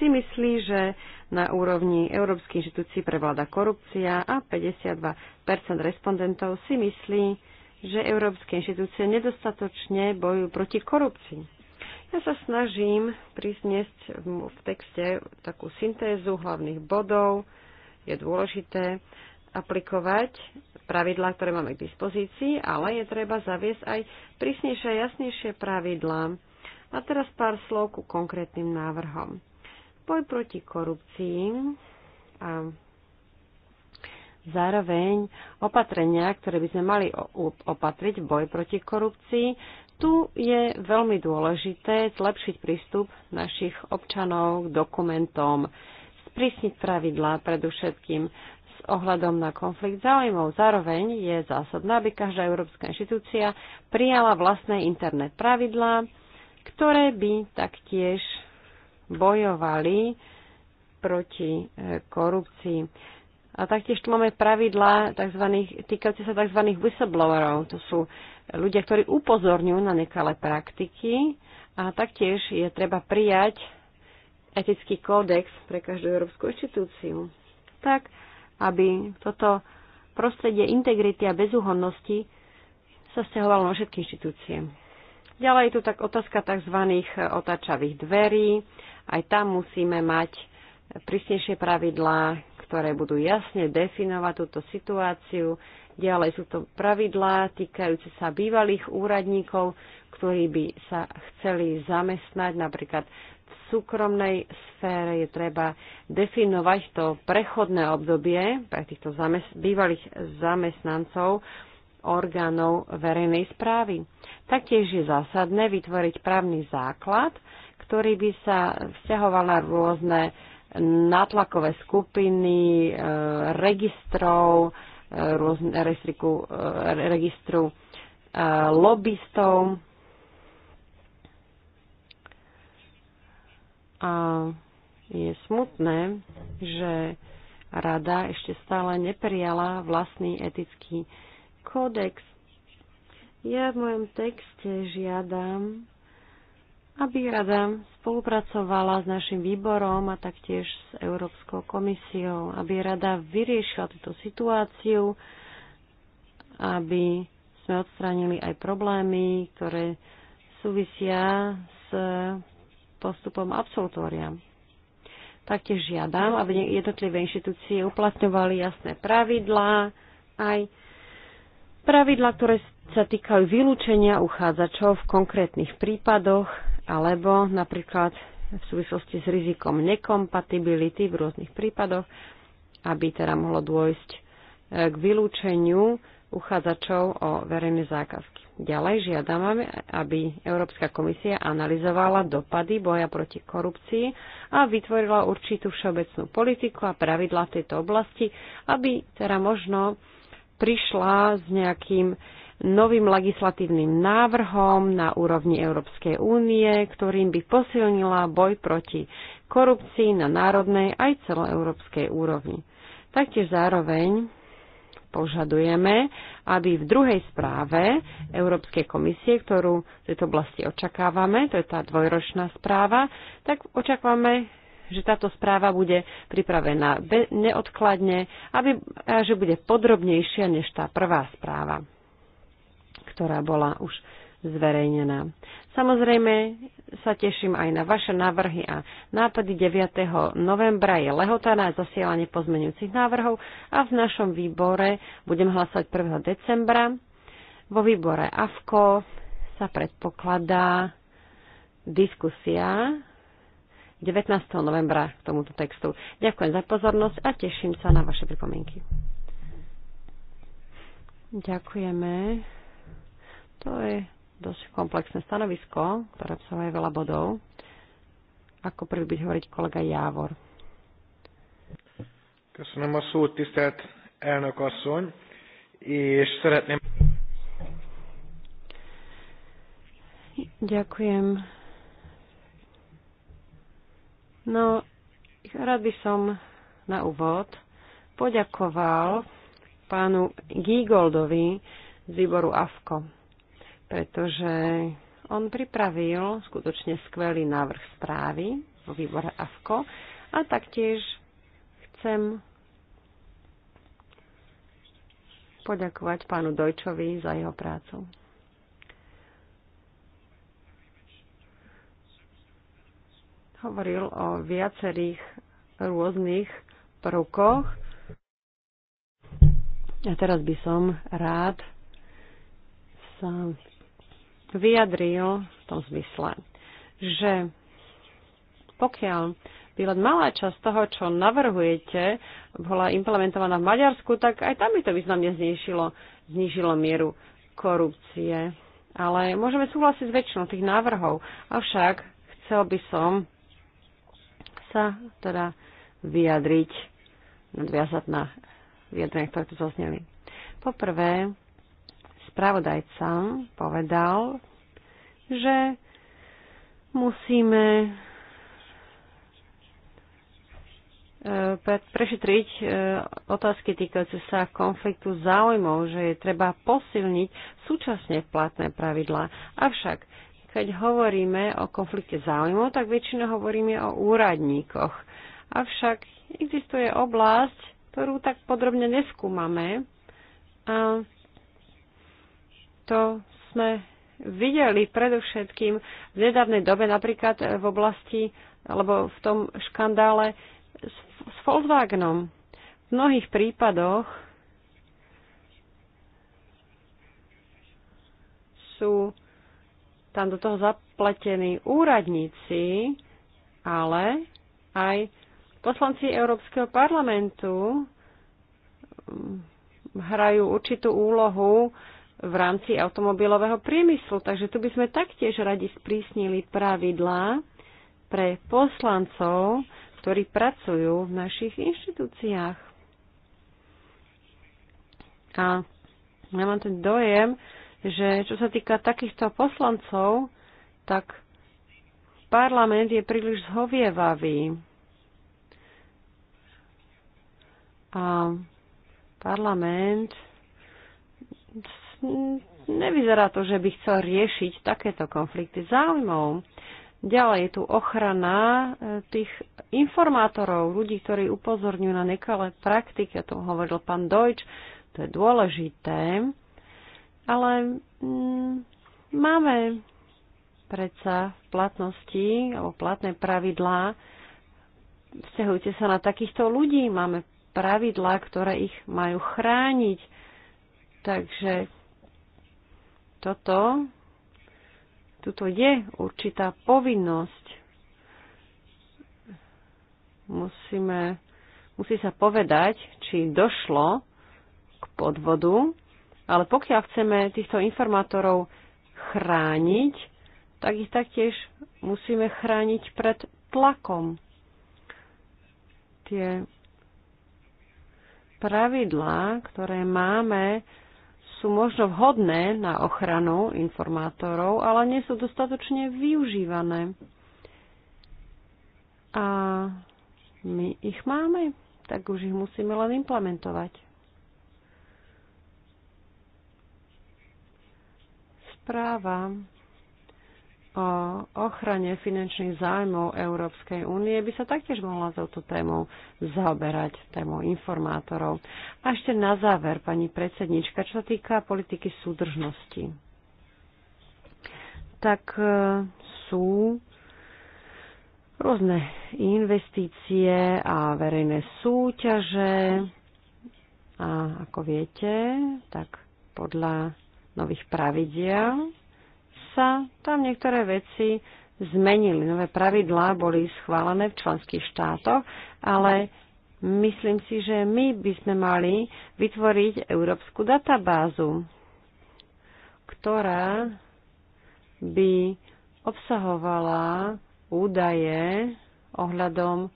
Speaker 1: si myslí, že na úrovni Európskej inštitúcii prevláda korupcia a 52 respondentov si myslí, že európske inštitúcie nedostatočne bojujú proti korupcii. Ja sa snažím prisniesť v texte takú syntézu hlavných bodov. Je dôležité aplikovať pravidlá, ktoré máme k dispozícii, ale je treba zaviesť aj prísnejšie a jasnejšie pravidlá. A teraz pár slov ku konkrétnym návrhom. Boj proti korupcii a zároveň opatrenia, ktoré by sme mali opatriť, v boj proti korupcii, tu je veľmi dôležité zlepšiť prístup našich občanov k dokumentom, sprísniť pravidlá predovšetkým s ohľadom na konflikt záujmov. Zároveň je zásadná, aby každá európska inštitúcia prijala vlastné internet pravidlá, ktoré by taktiež bojovali proti e, korupcii. A taktiež tu máme pravidlá týkajúce sa tzv. whistleblowerov. To sú ľudia, ktorí upozorňujú na nekalé praktiky a taktiež je treba prijať etický kódex pre každú európsku inštitúciu. Tak, aby toto prostredie integrity a bezúhodnosti sa stiahovalo na všetky inštitúcie. Ďalej je tu tak otázka tzv. otáčavých dverí. Aj tam musíme mať prísnejšie pravidlá, ktoré budú jasne definovať túto situáciu. Ďalej sú to pravidlá týkajúce sa bývalých úradníkov, ktorí by sa chceli zamestnať napríklad v súkromnej sfére je treba definovať to prechodné obdobie pre týchto zamest- bývalých zamestnancov orgánov verejnej správy. Taktiež je zásadné vytvoriť právny základ ktorý by sa vzťahoval na rôzne nátlakové skupiny, e, registrov, e, rôzne, restriku, e, registru lobbystov. A je smutné, že rada ešte stále neprijala vlastný etický kódex. Ja v mojom texte žiadam aby rada spolupracovala s našim výborom a taktiež s Európskou komisiou, aby rada vyriešila túto situáciu, aby sme odstránili aj problémy, ktoré súvisia s postupom absolutória. Taktiež žiadam, aby jednotlivé inštitúcie uplatňovali jasné pravidlá, aj pravidlá, ktoré sa týkajú vylúčenia uchádzačov v konkrétnych prípadoch alebo napríklad v súvislosti s rizikom nekompatibility v rôznych prípadoch, aby teda mohlo dôjsť e, k vylúčeniu uchádzačov o verejné zákazky. Ďalej žiadame, aby Európska komisia analyzovala dopady boja proti korupcii a vytvorila určitú všeobecnú politiku a pravidla v tejto oblasti, aby teda možno prišla s nejakým novým legislatívnym návrhom na úrovni Európskej únie, ktorým by posilnila boj proti korupcii na národnej aj celoeurópskej úrovni. Taktiež zároveň požadujeme, aby v druhej správe Európskej komisie, ktorú v tejto oblasti očakávame, to je tá dvojročná správa, tak očakávame, že táto správa bude pripravená neodkladne, aby, a že bude podrobnejšia než tá prvá správa ktorá bola už zverejnená. Samozrejme sa teším aj na vaše návrhy a nápady 9. novembra je lehota na zasielanie pozmenujúcich návrhov a v našom výbore budem hlasovať 1. decembra. Vo výbore AFKO sa predpokladá diskusia 19. novembra k tomuto textu. Ďakujem za pozornosť a teším sa na vaše pripomienky. Ďakujeme. To je dosť komplexné stanovisko, ktoré obsahuje veľa bodov. Ako prvý byť hovoriť kolega Jávor.
Speaker 2: Köszönöm a szót, tisztelt elnök asszony, és szeretném... Ďakujem.
Speaker 1: No, rád by som na úvod poďakoval pánu Gigoldovi z výboru AFKO pretože on pripravil skutočne skvelý návrh správy vo výbore AFKO a taktiež chcem poďakovať pánu Dojčovi za jeho prácu. Hovoril o viacerých rôznych prvkoch. A teraz by som rád sa vyjadril v tom zmysle, že pokiaľ by len malá časť toho, čo navrhujete, bola implementovaná v Maďarsku, tak aj tam by to významne znižilo, znižilo mieru korupcie. Ale môžeme súhlasiť s väčšinou tých návrhov. Avšak chcel by som sa teda vyjadriť, nadviazať na vyjadrenia, ktoré tu zazneli. Poprvé, spravodajca povedal, že musíme e, prešetriť e, otázky týkajúce sa konfliktu záujmov, že je treba posilniť súčasne platné pravidlá. Avšak, keď hovoríme o konflikte záujmov, tak väčšinou hovoríme o úradníkoch. Avšak existuje oblasť, ktorú tak podrobne neskúmame a to sme videli predovšetkým v nedávnej dobe, napríklad v oblasti alebo v tom škandále s, s Volkswagenom. V mnohých prípadoch sú tam do toho zapletení úradníci, ale aj poslanci Európskeho parlamentu hm, hrajú určitú úlohu v rámci automobilového priemyslu. Takže tu by sme taktiež radi sprísnili pravidlá pre poslancov, ktorí pracujú v našich inštitúciách. A ja mám ten dojem, že čo sa týka takýchto poslancov, tak parlament je príliš zhovievavý. A parlament nevyzerá to, že by chcel riešiť takéto konflikty záujmov. Ďalej je tu ochrana e, tých informátorov, ľudí, ktorí upozorňujú na nekalé praktiky, o tom hovoril pán Deutsch, to je dôležité, ale mm, máme predsa v platnosti alebo platné pravidlá, vzťahujte sa na takýchto ľudí, máme pravidlá, ktoré ich majú chrániť. Takže toto, tuto je určitá povinnosť. Musíme, musí sa povedať, či došlo k podvodu, ale pokiaľ chceme týchto informátorov chrániť, tak ich taktiež musíme chrániť pred tlakom. Tie pravidlá, ktoré máme sú možno vhodné na ochranu informátorov, ale nie sú dostatočne využívané. A my ich máme, tak už ich musíme len implementovať. Správa o ochrane finančných zájmov Európskej únie by sa taktiež mohla touto témou zaoberať, témou informátorov. A ešte na záver, pani predsednička, čo sa týka politiky súdržnosti. Tak e, sú rôzne investície a verejné súťaže. A ako viete, tak podľa nových pravidiel sa tam niektoré veci zmenili. Nové pravidlá boli schválené v členských štátoch, ale myslím si, že my by sme mali vytvoriť európsku databázu, ktorá by obsahovala údaje ohľadom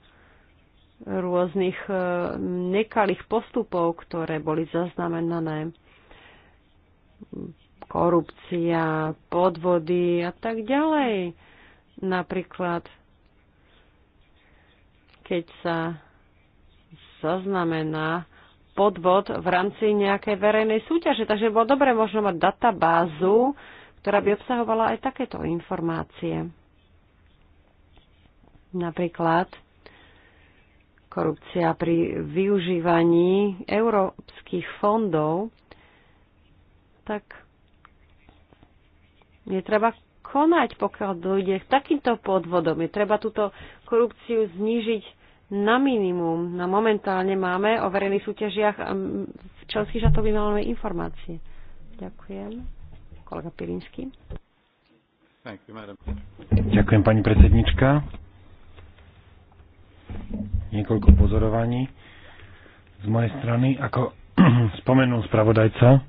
Speaker 1: rôznych e, nekalých postupov, ktoré boli zaznamenané korupcia, podvody a tak ďalej. Napríklad, keď sa zaznamená podvod v rámci nejakej verejnej súťaže. Takže bolo dobre možno mať databázu, ktorá by obsahovala aj takéto informácie. Napríklad korupcia pri využívaní európskych fondov, tak je treba konať, pokiaľ dojde k takýmto podvodom. Je treba túto korupciu znížiť na minimum. Na no momentálne máme o verejných súťažiach v členských štátoch vymenované informácie. Ďakujem. Kolega Pirinsky.
Speaker 2: Ďakujem, pani predsednička. Niekoľko pozorovaní z mojej strany. Ako spomenul spravodajca,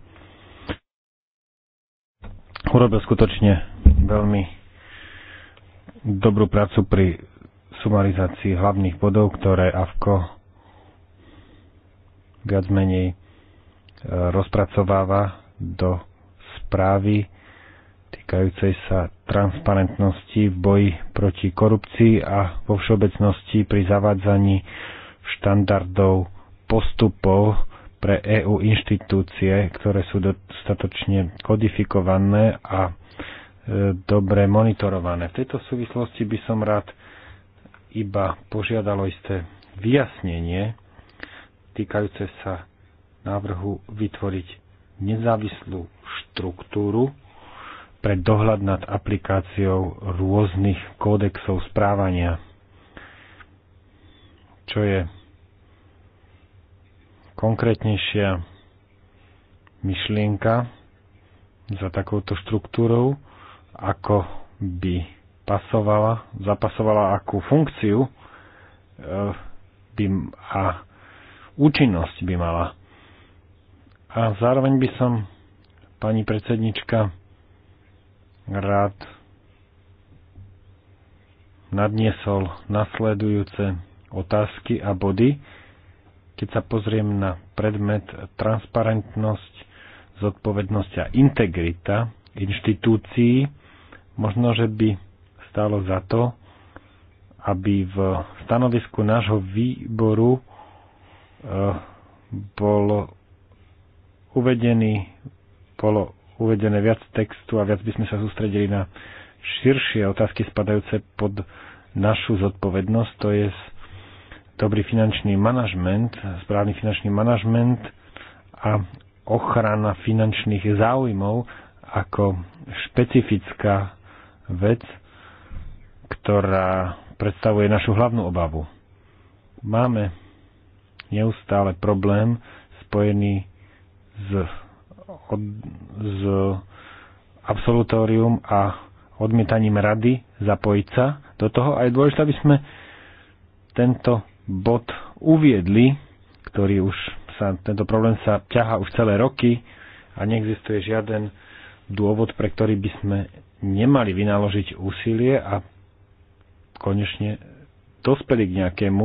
Speaker 2: urobil skutočne veľmi dobrú prácu pri sumarizácii hlavných bodov, ktoré AVKO viac menej e, rozpracováva do správy týkajúcej sa transparentnosti v boji proti korupcii a vo všeobecnosti pri zavádzaní štandardov postupov pre EU inštitúcie, ktoré sú dostatočne kodifikované a e, dobre monitorované. V tejto súvislosti by som rád iba požiadalo isté vyjasnenie týkajúce sa návrhu vytvoriť nezávislú štruktúru pre dohľad nad aplikáciou rôznych kódexov správania, čo je konkrétnejšia myšlienka za takouto štruktúrou, ako by pasovala, zapasovala akú funkciu e, by, a účinnosť by mala. A zároveň by som, pani predsednička, rád nadniesol nasledujúce otázky a body, keď sa pozriem na predmet transparentnosť, zodpovednosť a integrita inštitúcií, možno, že by stálo za to, aby v stanovisku nášho výboru e, bol uvedený, bolo uvedené viac textu a viac by sme sa sústredili na širšie otázky spadajúce pod našu zodpovednosť, to je dobrý finančný manažment, správny finančný manažment a ochrana finančných záujmov ako špecifická vec, ktorá predstavuje našu hlavnú obavu. Máme neustále problém spojený s, od, s absolutórium a odmietaním rady zapojiť sa do toho a je dôležité, aby sme tento bod uviedli, ktorý už sa, tento problém sa ťahá už celé roky a neexistuje žiaden dôvod, pre ktorý by sme nemali vynaložiť úsilie a konečne dospeli k nejakému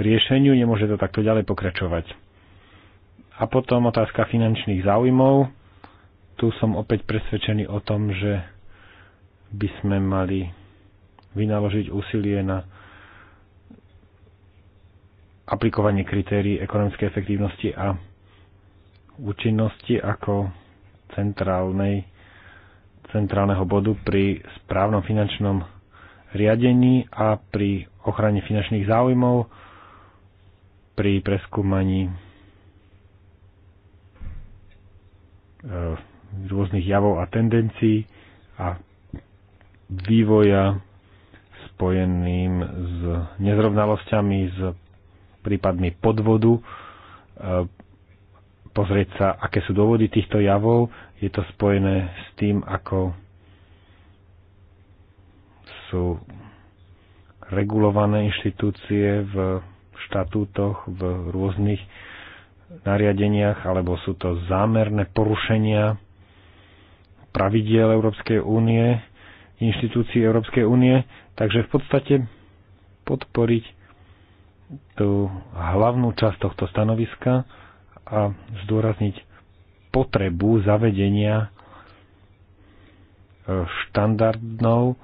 Speaker 2: riešeniu, nemôže to takto ďalej pokračovať. A potom otázka finančných záujmov. Tu som opäť presvedčený o tom, že by sme mali vynaložiť úsilie na aplikovanie kritérií ekonomickej efektívnosti a účinnosti ako centrálnej, centrálneho bodu pri správnom finančnom riadení a pri ochrane finančných záujmov pri preskúmaní e, rôznych javov a tendencií a vývoja spojeným s nezrovnalosťami, s prípadmi podvodu, e, pozrieť sa, aké sú dôvody týchto javov. Je to spojené s tým, ako sú regulované inštitúcie v štatútoch, v rôznych nariadeniach, alebo sú to zámerné porušenia pravidiel Európskej únie, inštitúcií Európskej únie. Takže v podstate podporiť tú hlavnú časť tohto stanoviska a zdôrazniť potrebu zavedenia e, štandardov,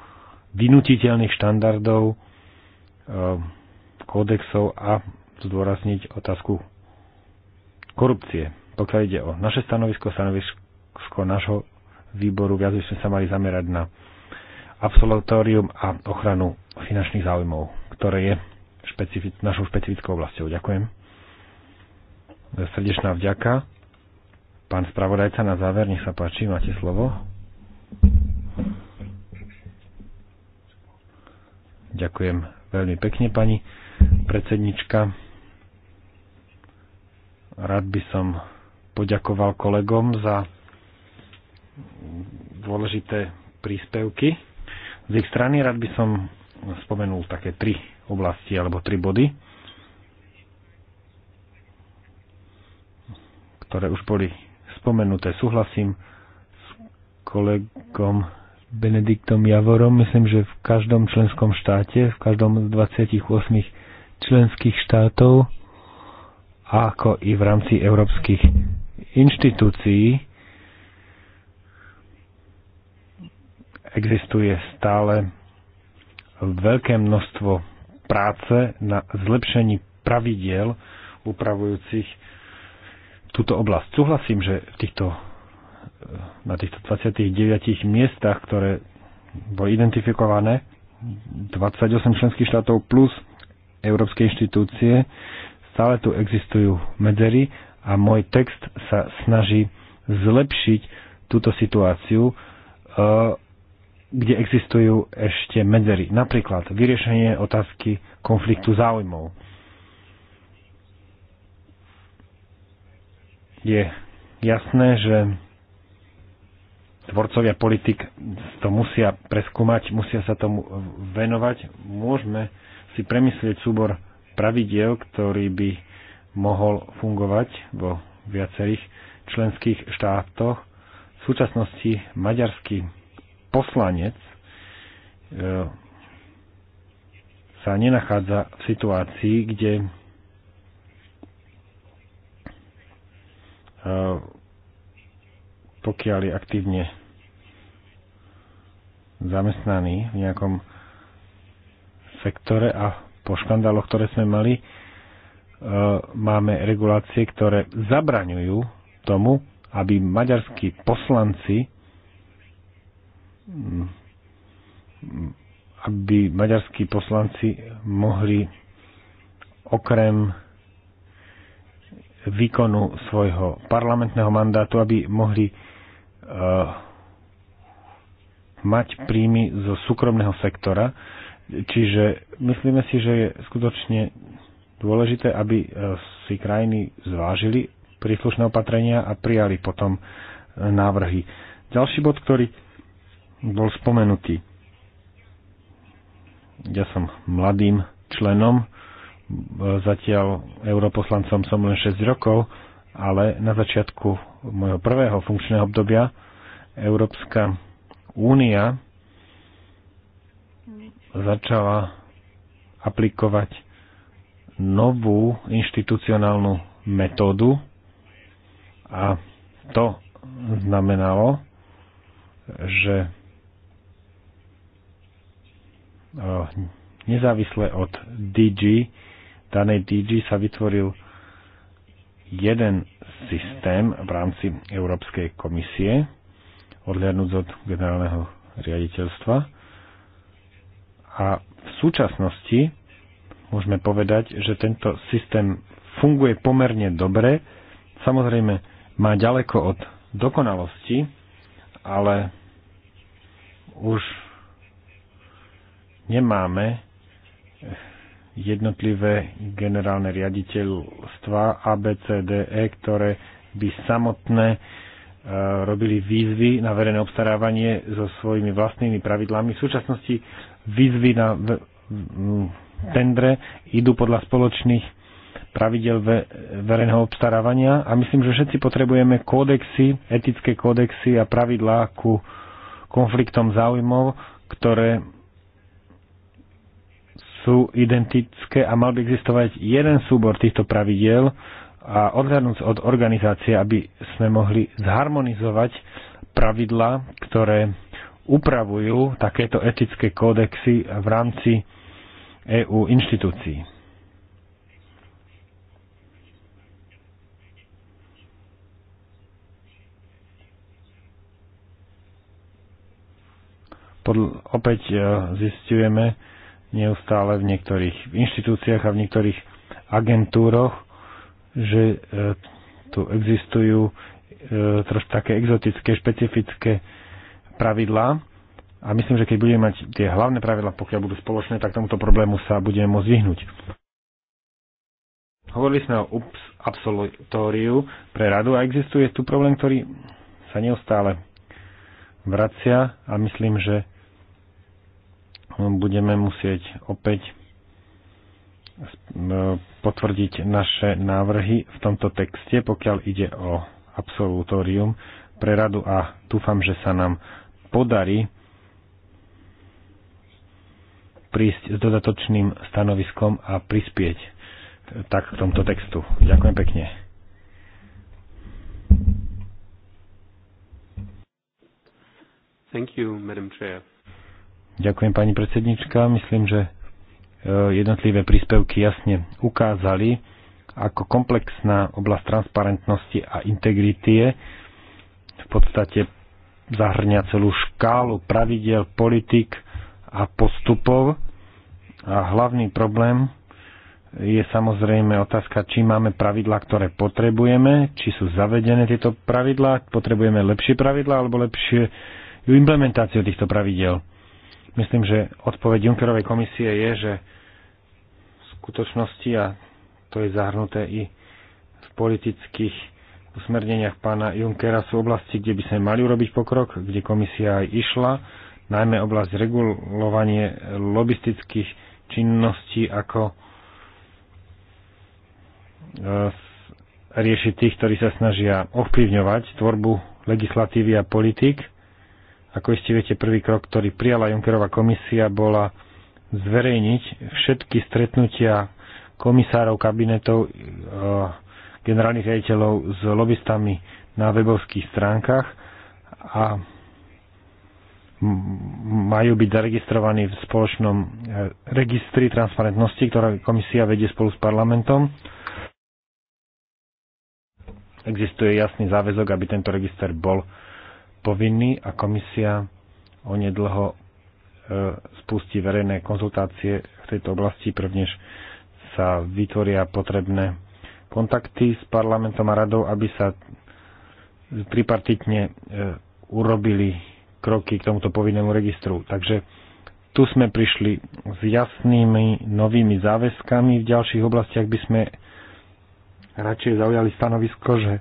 Speaker 2: vynutiteľných štandardov, e, kódexov a zdôrazniť otázku korupcie. Pokiaľ ide o naše stanovisko, stanovisko nášho výboru, viac by sme sa mali zamerať na absolutórium a ochranu finančných záujmov, ktoré je špecific, našou špecifickou oblasťou. Ďakujem. Srdečná vďaka. Pán spravodajca, na záver, nech sa páči, máte slovo. Ďakujem veľmi pekne, pani predsednička. Rád by som poďakoval kolegom za dôležité príspevky. Z ich strany rád by som spomenul také tri oblasti alebo tri body, ktoré už boli spomenuté. Súhlasím s kolegom Benediktom Javorom. Myslím, že v každom členskom štáte, v každom z 28 členských štátov, ako i v rámci európskych inštitúcií, existuje stále veľké množstvo práce na zlepšení pravidiel upravujúcich túto oblasť. Súhlasím, že v týchto, na týchto 29 miestach, ktoré boli identifikované, 28 členských štátov plus európske inštitúcie, stále tu existujú medzery a môj text sa snaží zlepšiť túto situáciu e, kde existujú ešte medzery. Napríklad vyriešenie otázky konfliktu záujmov. Je jasné, že tvorcovia politik to musia preskúmať, musia sa tomu venovať. Môžeme si premyslieť súbor pravidiel, ktorý by mohol fungovať vo viacerých členských štátoch. V súčasnosti maďarský poslanec e, sa nenachádza v situácii, kde e, pokiaľ je aktívne zamestnaný v nejakom sektore a po škandáloch, ktoré sme mali, e, máme regulácie, ktoré zabraňujú tomu, aby maďarskí poslanci aby maďarskí poslanci mohli okrem výkonu svojho parlamentného mandátu, aby mohli uh, mať príjmy zo súkromného sektora. Čiže myslíme si, že je skutočne dôležité, aby eh, si krajiny zvážili príslušné opatrenia a prijali potom eh, návrhy. Ďalší bod, ktorý bol spomenutý. Ja som mladým členom, e, zatiaľ europoslancom som len 6 rokov, ale na začiatku môjho prvého funkčného obdobia Európska únia začala aplikovať novú inštitucionálnu metódu a to znamenalo, že Eh, nezávisle od DG, danej DG sa vytvoril jeden systém v rámci Európskej komisie, odhľadnúť od generálneho riaditeľstva. A v súčasnosti môžeme povedať, že tento systém funguje pomerne dobre. Samozrejme, má ďaleko od dokonalosti, ale už nemáme jednotlivé generálne riaditeľstva ABCDE, ktoré by samotné e, robili výzvy na verejné obstarávanie so svojimi vlastnými pravidlami. V súčasnosti výzvy na tendre idú podľa spoločných pravidel verejného obstarávania a myslím, že všetci potrebujeme kódexy, etické kódexy a pravidlá ku konfliktom záujmov, ktoré sú identické a mal by existovať jeden súbor týchto pravidiel a odhľadnúť od organizácie, aby sme mohli zharmonizovať pravidla, ktoré upravujú takéto etické kódexy v rámci EU inštitúcií. Podl- opäť e, zistujeme, neustále v niektorých inštitúciách a v niektorých agentúroch, že e, tu existujú e, trošku také exotické, špecifické pravidlá. A myslím, že keď budeme mať tie hlavné pravidlá, pokiaľ budú spoločné, tak tomuto problému sa budeme môcť vyhnúť. Hovorili sme o UPS absolutóriu pre radu a existuje tu problém, ktorý sa neustále vracia a myslím, že budeme musieť opäť e, potvrdiť naše návrhy v tomto texte, pokiaľ ide o absolutórium pre radu a dúfam, že sa nám podarí prísť s dodatočným stanoviskom a prispieť tak k tomto textu. Ďakujem pekne.
Speaker 3: Thank you, Madam Chair.
Speaker 2: Ďakujem pani predsednička. Myslím, že e, jednotlivé príspevky jasne ukázali, ako komplexná oblasť transparentnosti a integrity je. V podstate zahrňa celú škálu pravidel, politik a postupov. A hlavný problém je samozrejme otázka, či máme pravidlá, ktoré potrebujeme, či sú zavedené tieto pravidlá, potrebujeme lepšie pravidlá alebo lepšie implementáciu týchto pravidel. Myslím, že odpoveď Junckerovej komisie je, že v skutočnosti, a to je zahrnuté i v politických usmerneniach pána Junckera, sú oblasti, kde by sme mali urobiť pokrok, kde komisia aj išla, najmä oblasť regulovanie lobistických činností ako e, riešiť tých, ktorí sa snažia ovplyvňovať tvorbu legislatívy a politik ako iste viete, prvý krok, ktorý prijala Junckerová komisia, bola zverejniť všetky stretnutia komisárov, kabinetov, e, generálnych riaditeľov s lobbystami na webovských stránkach a majú byť zaregistrovaní v spoločnom e, registri transparentnosti, ktorá komisia vedie spolu s parlamentom. Existuje jasný záväzok, aby tento register bol povinný a komisia onedlho e, spustí verejné konzultácie v tejto oblasti, prvnež sa vytvoria potrebné kontakty s parlamentom a radou, aby sa tripartitne e, urobili kroky k tomuto povinnému registru. Takže tu sme prišli s jasnými novými záväzkami. V ďalších oblastiach by sme radšej zaujali stanovisko, že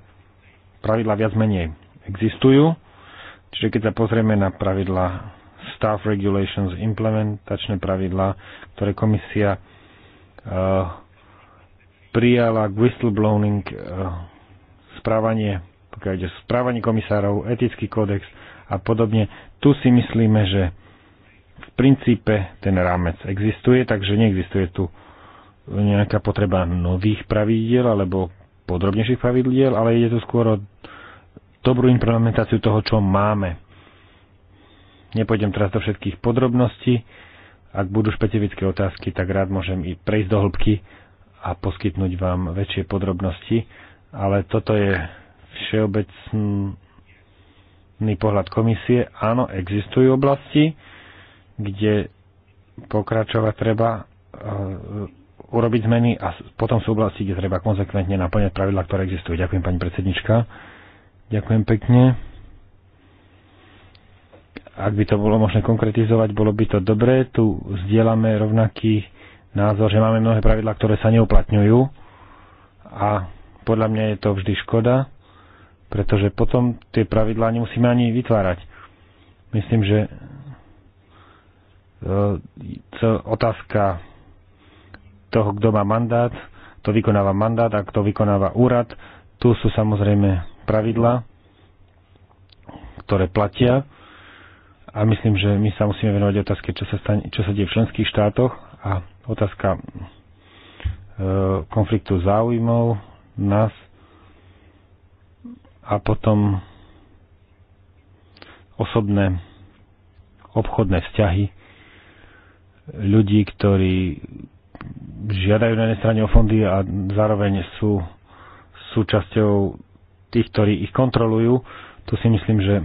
Speaker 2: pravidla viac menej existujú Čiže keď sa pozrieme na pravidla staff regulations, implementačné pravidla, ktoré komisia uh, prijala k whistleblowing uh, správanie, pokiaľ ide správanie komisárov, etický kódex a podobne, tu si myslíme, že v princípe ten rámec existuje, takže neexistuje tu nejaká potreba nových pravidiel alebo podrobnejších pravidiel, ale ide tu skôr o dobrú implementáciu toho, čo máme. Nepôjdem teraz do všetkých podrobností. Ak budú špecifické otázky, tak rád môžem i prejsť do hĺbky a poskytnúť vám väčšie podrobnosti. Ale toto je všeobecný pohľad komisie. Áno, existujú oblasti, kde pokračovať treba e, urobiť zmeny a potom sú oblasti, kde treba konzekventne naplňať pravidla, ktoré existujú. Ďakujem, pani predsednička. Ďakujem pekne. Ak by to bolo možné konkretizovať, bolo by to dobré. Tu vzdielame rovnaký názor, že máme mnohé pravidlá, ktoré sa neuplatňujú a podľa mňa je to vždy škoda, pretože potom tie pravidlá nemusíme ani vytvárať. Myslím, že e, otázka toho, kto má mandát, kto vykonáva mandát a kto vykonáva úrad, tu sú samozrejme pravidlá, ktoré platia a myslím, že my sa musíme venovať otázke, čo sa, stane, čo sa deje v členských štátoch a otázka e, konfliktu záujmov nás a potom osobné obchodné vzťahy ľudí, ktorí žiadajú na jednej strane o fondy a zároveň sú súčasťou tých, ktorí ich kontrolujú. Tu si myslím, že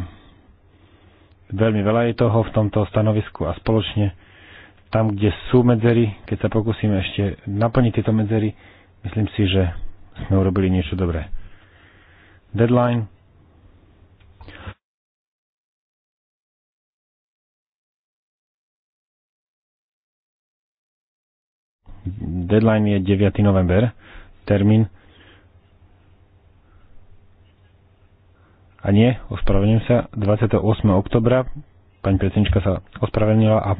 Speaker 2: veľmi veľa je toho v tomto stanovisku a spoločne tam, kde sú medzery, keď sa pokúsime ešte naplniť tieto medzery, myslím si, že sme urobili niečo dobré. Deadline. Deadline je 9. november, termín a nie, ospravedlňujem sa, 28. oktobra, pani predsednička sa ospravedlnila a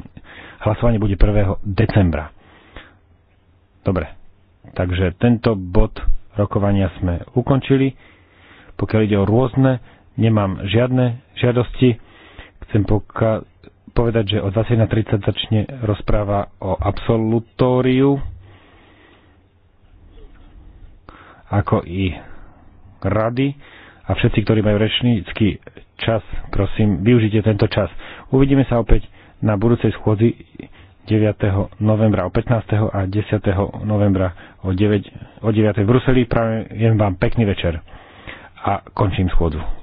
Speaker 2: hlasovanie bude 1. decembra. Dobre, takže tento bod rokovania sme ukončili. Pokiaľ ide o rôzne, nemám žiadne žiadosti. Chcem povedať, že o 21.30 začne rozpráva o absolutóriu, ako i rady a všetci, ktorí majú rečnícky čas, prosím, využite tento čas. Uvidíme sa opäť na budúcej schôdzi 9. novembra o 15. a 10. novembra o 9. O 9. v Bruseli. Prajem vám pekný večer a končím schôdzu.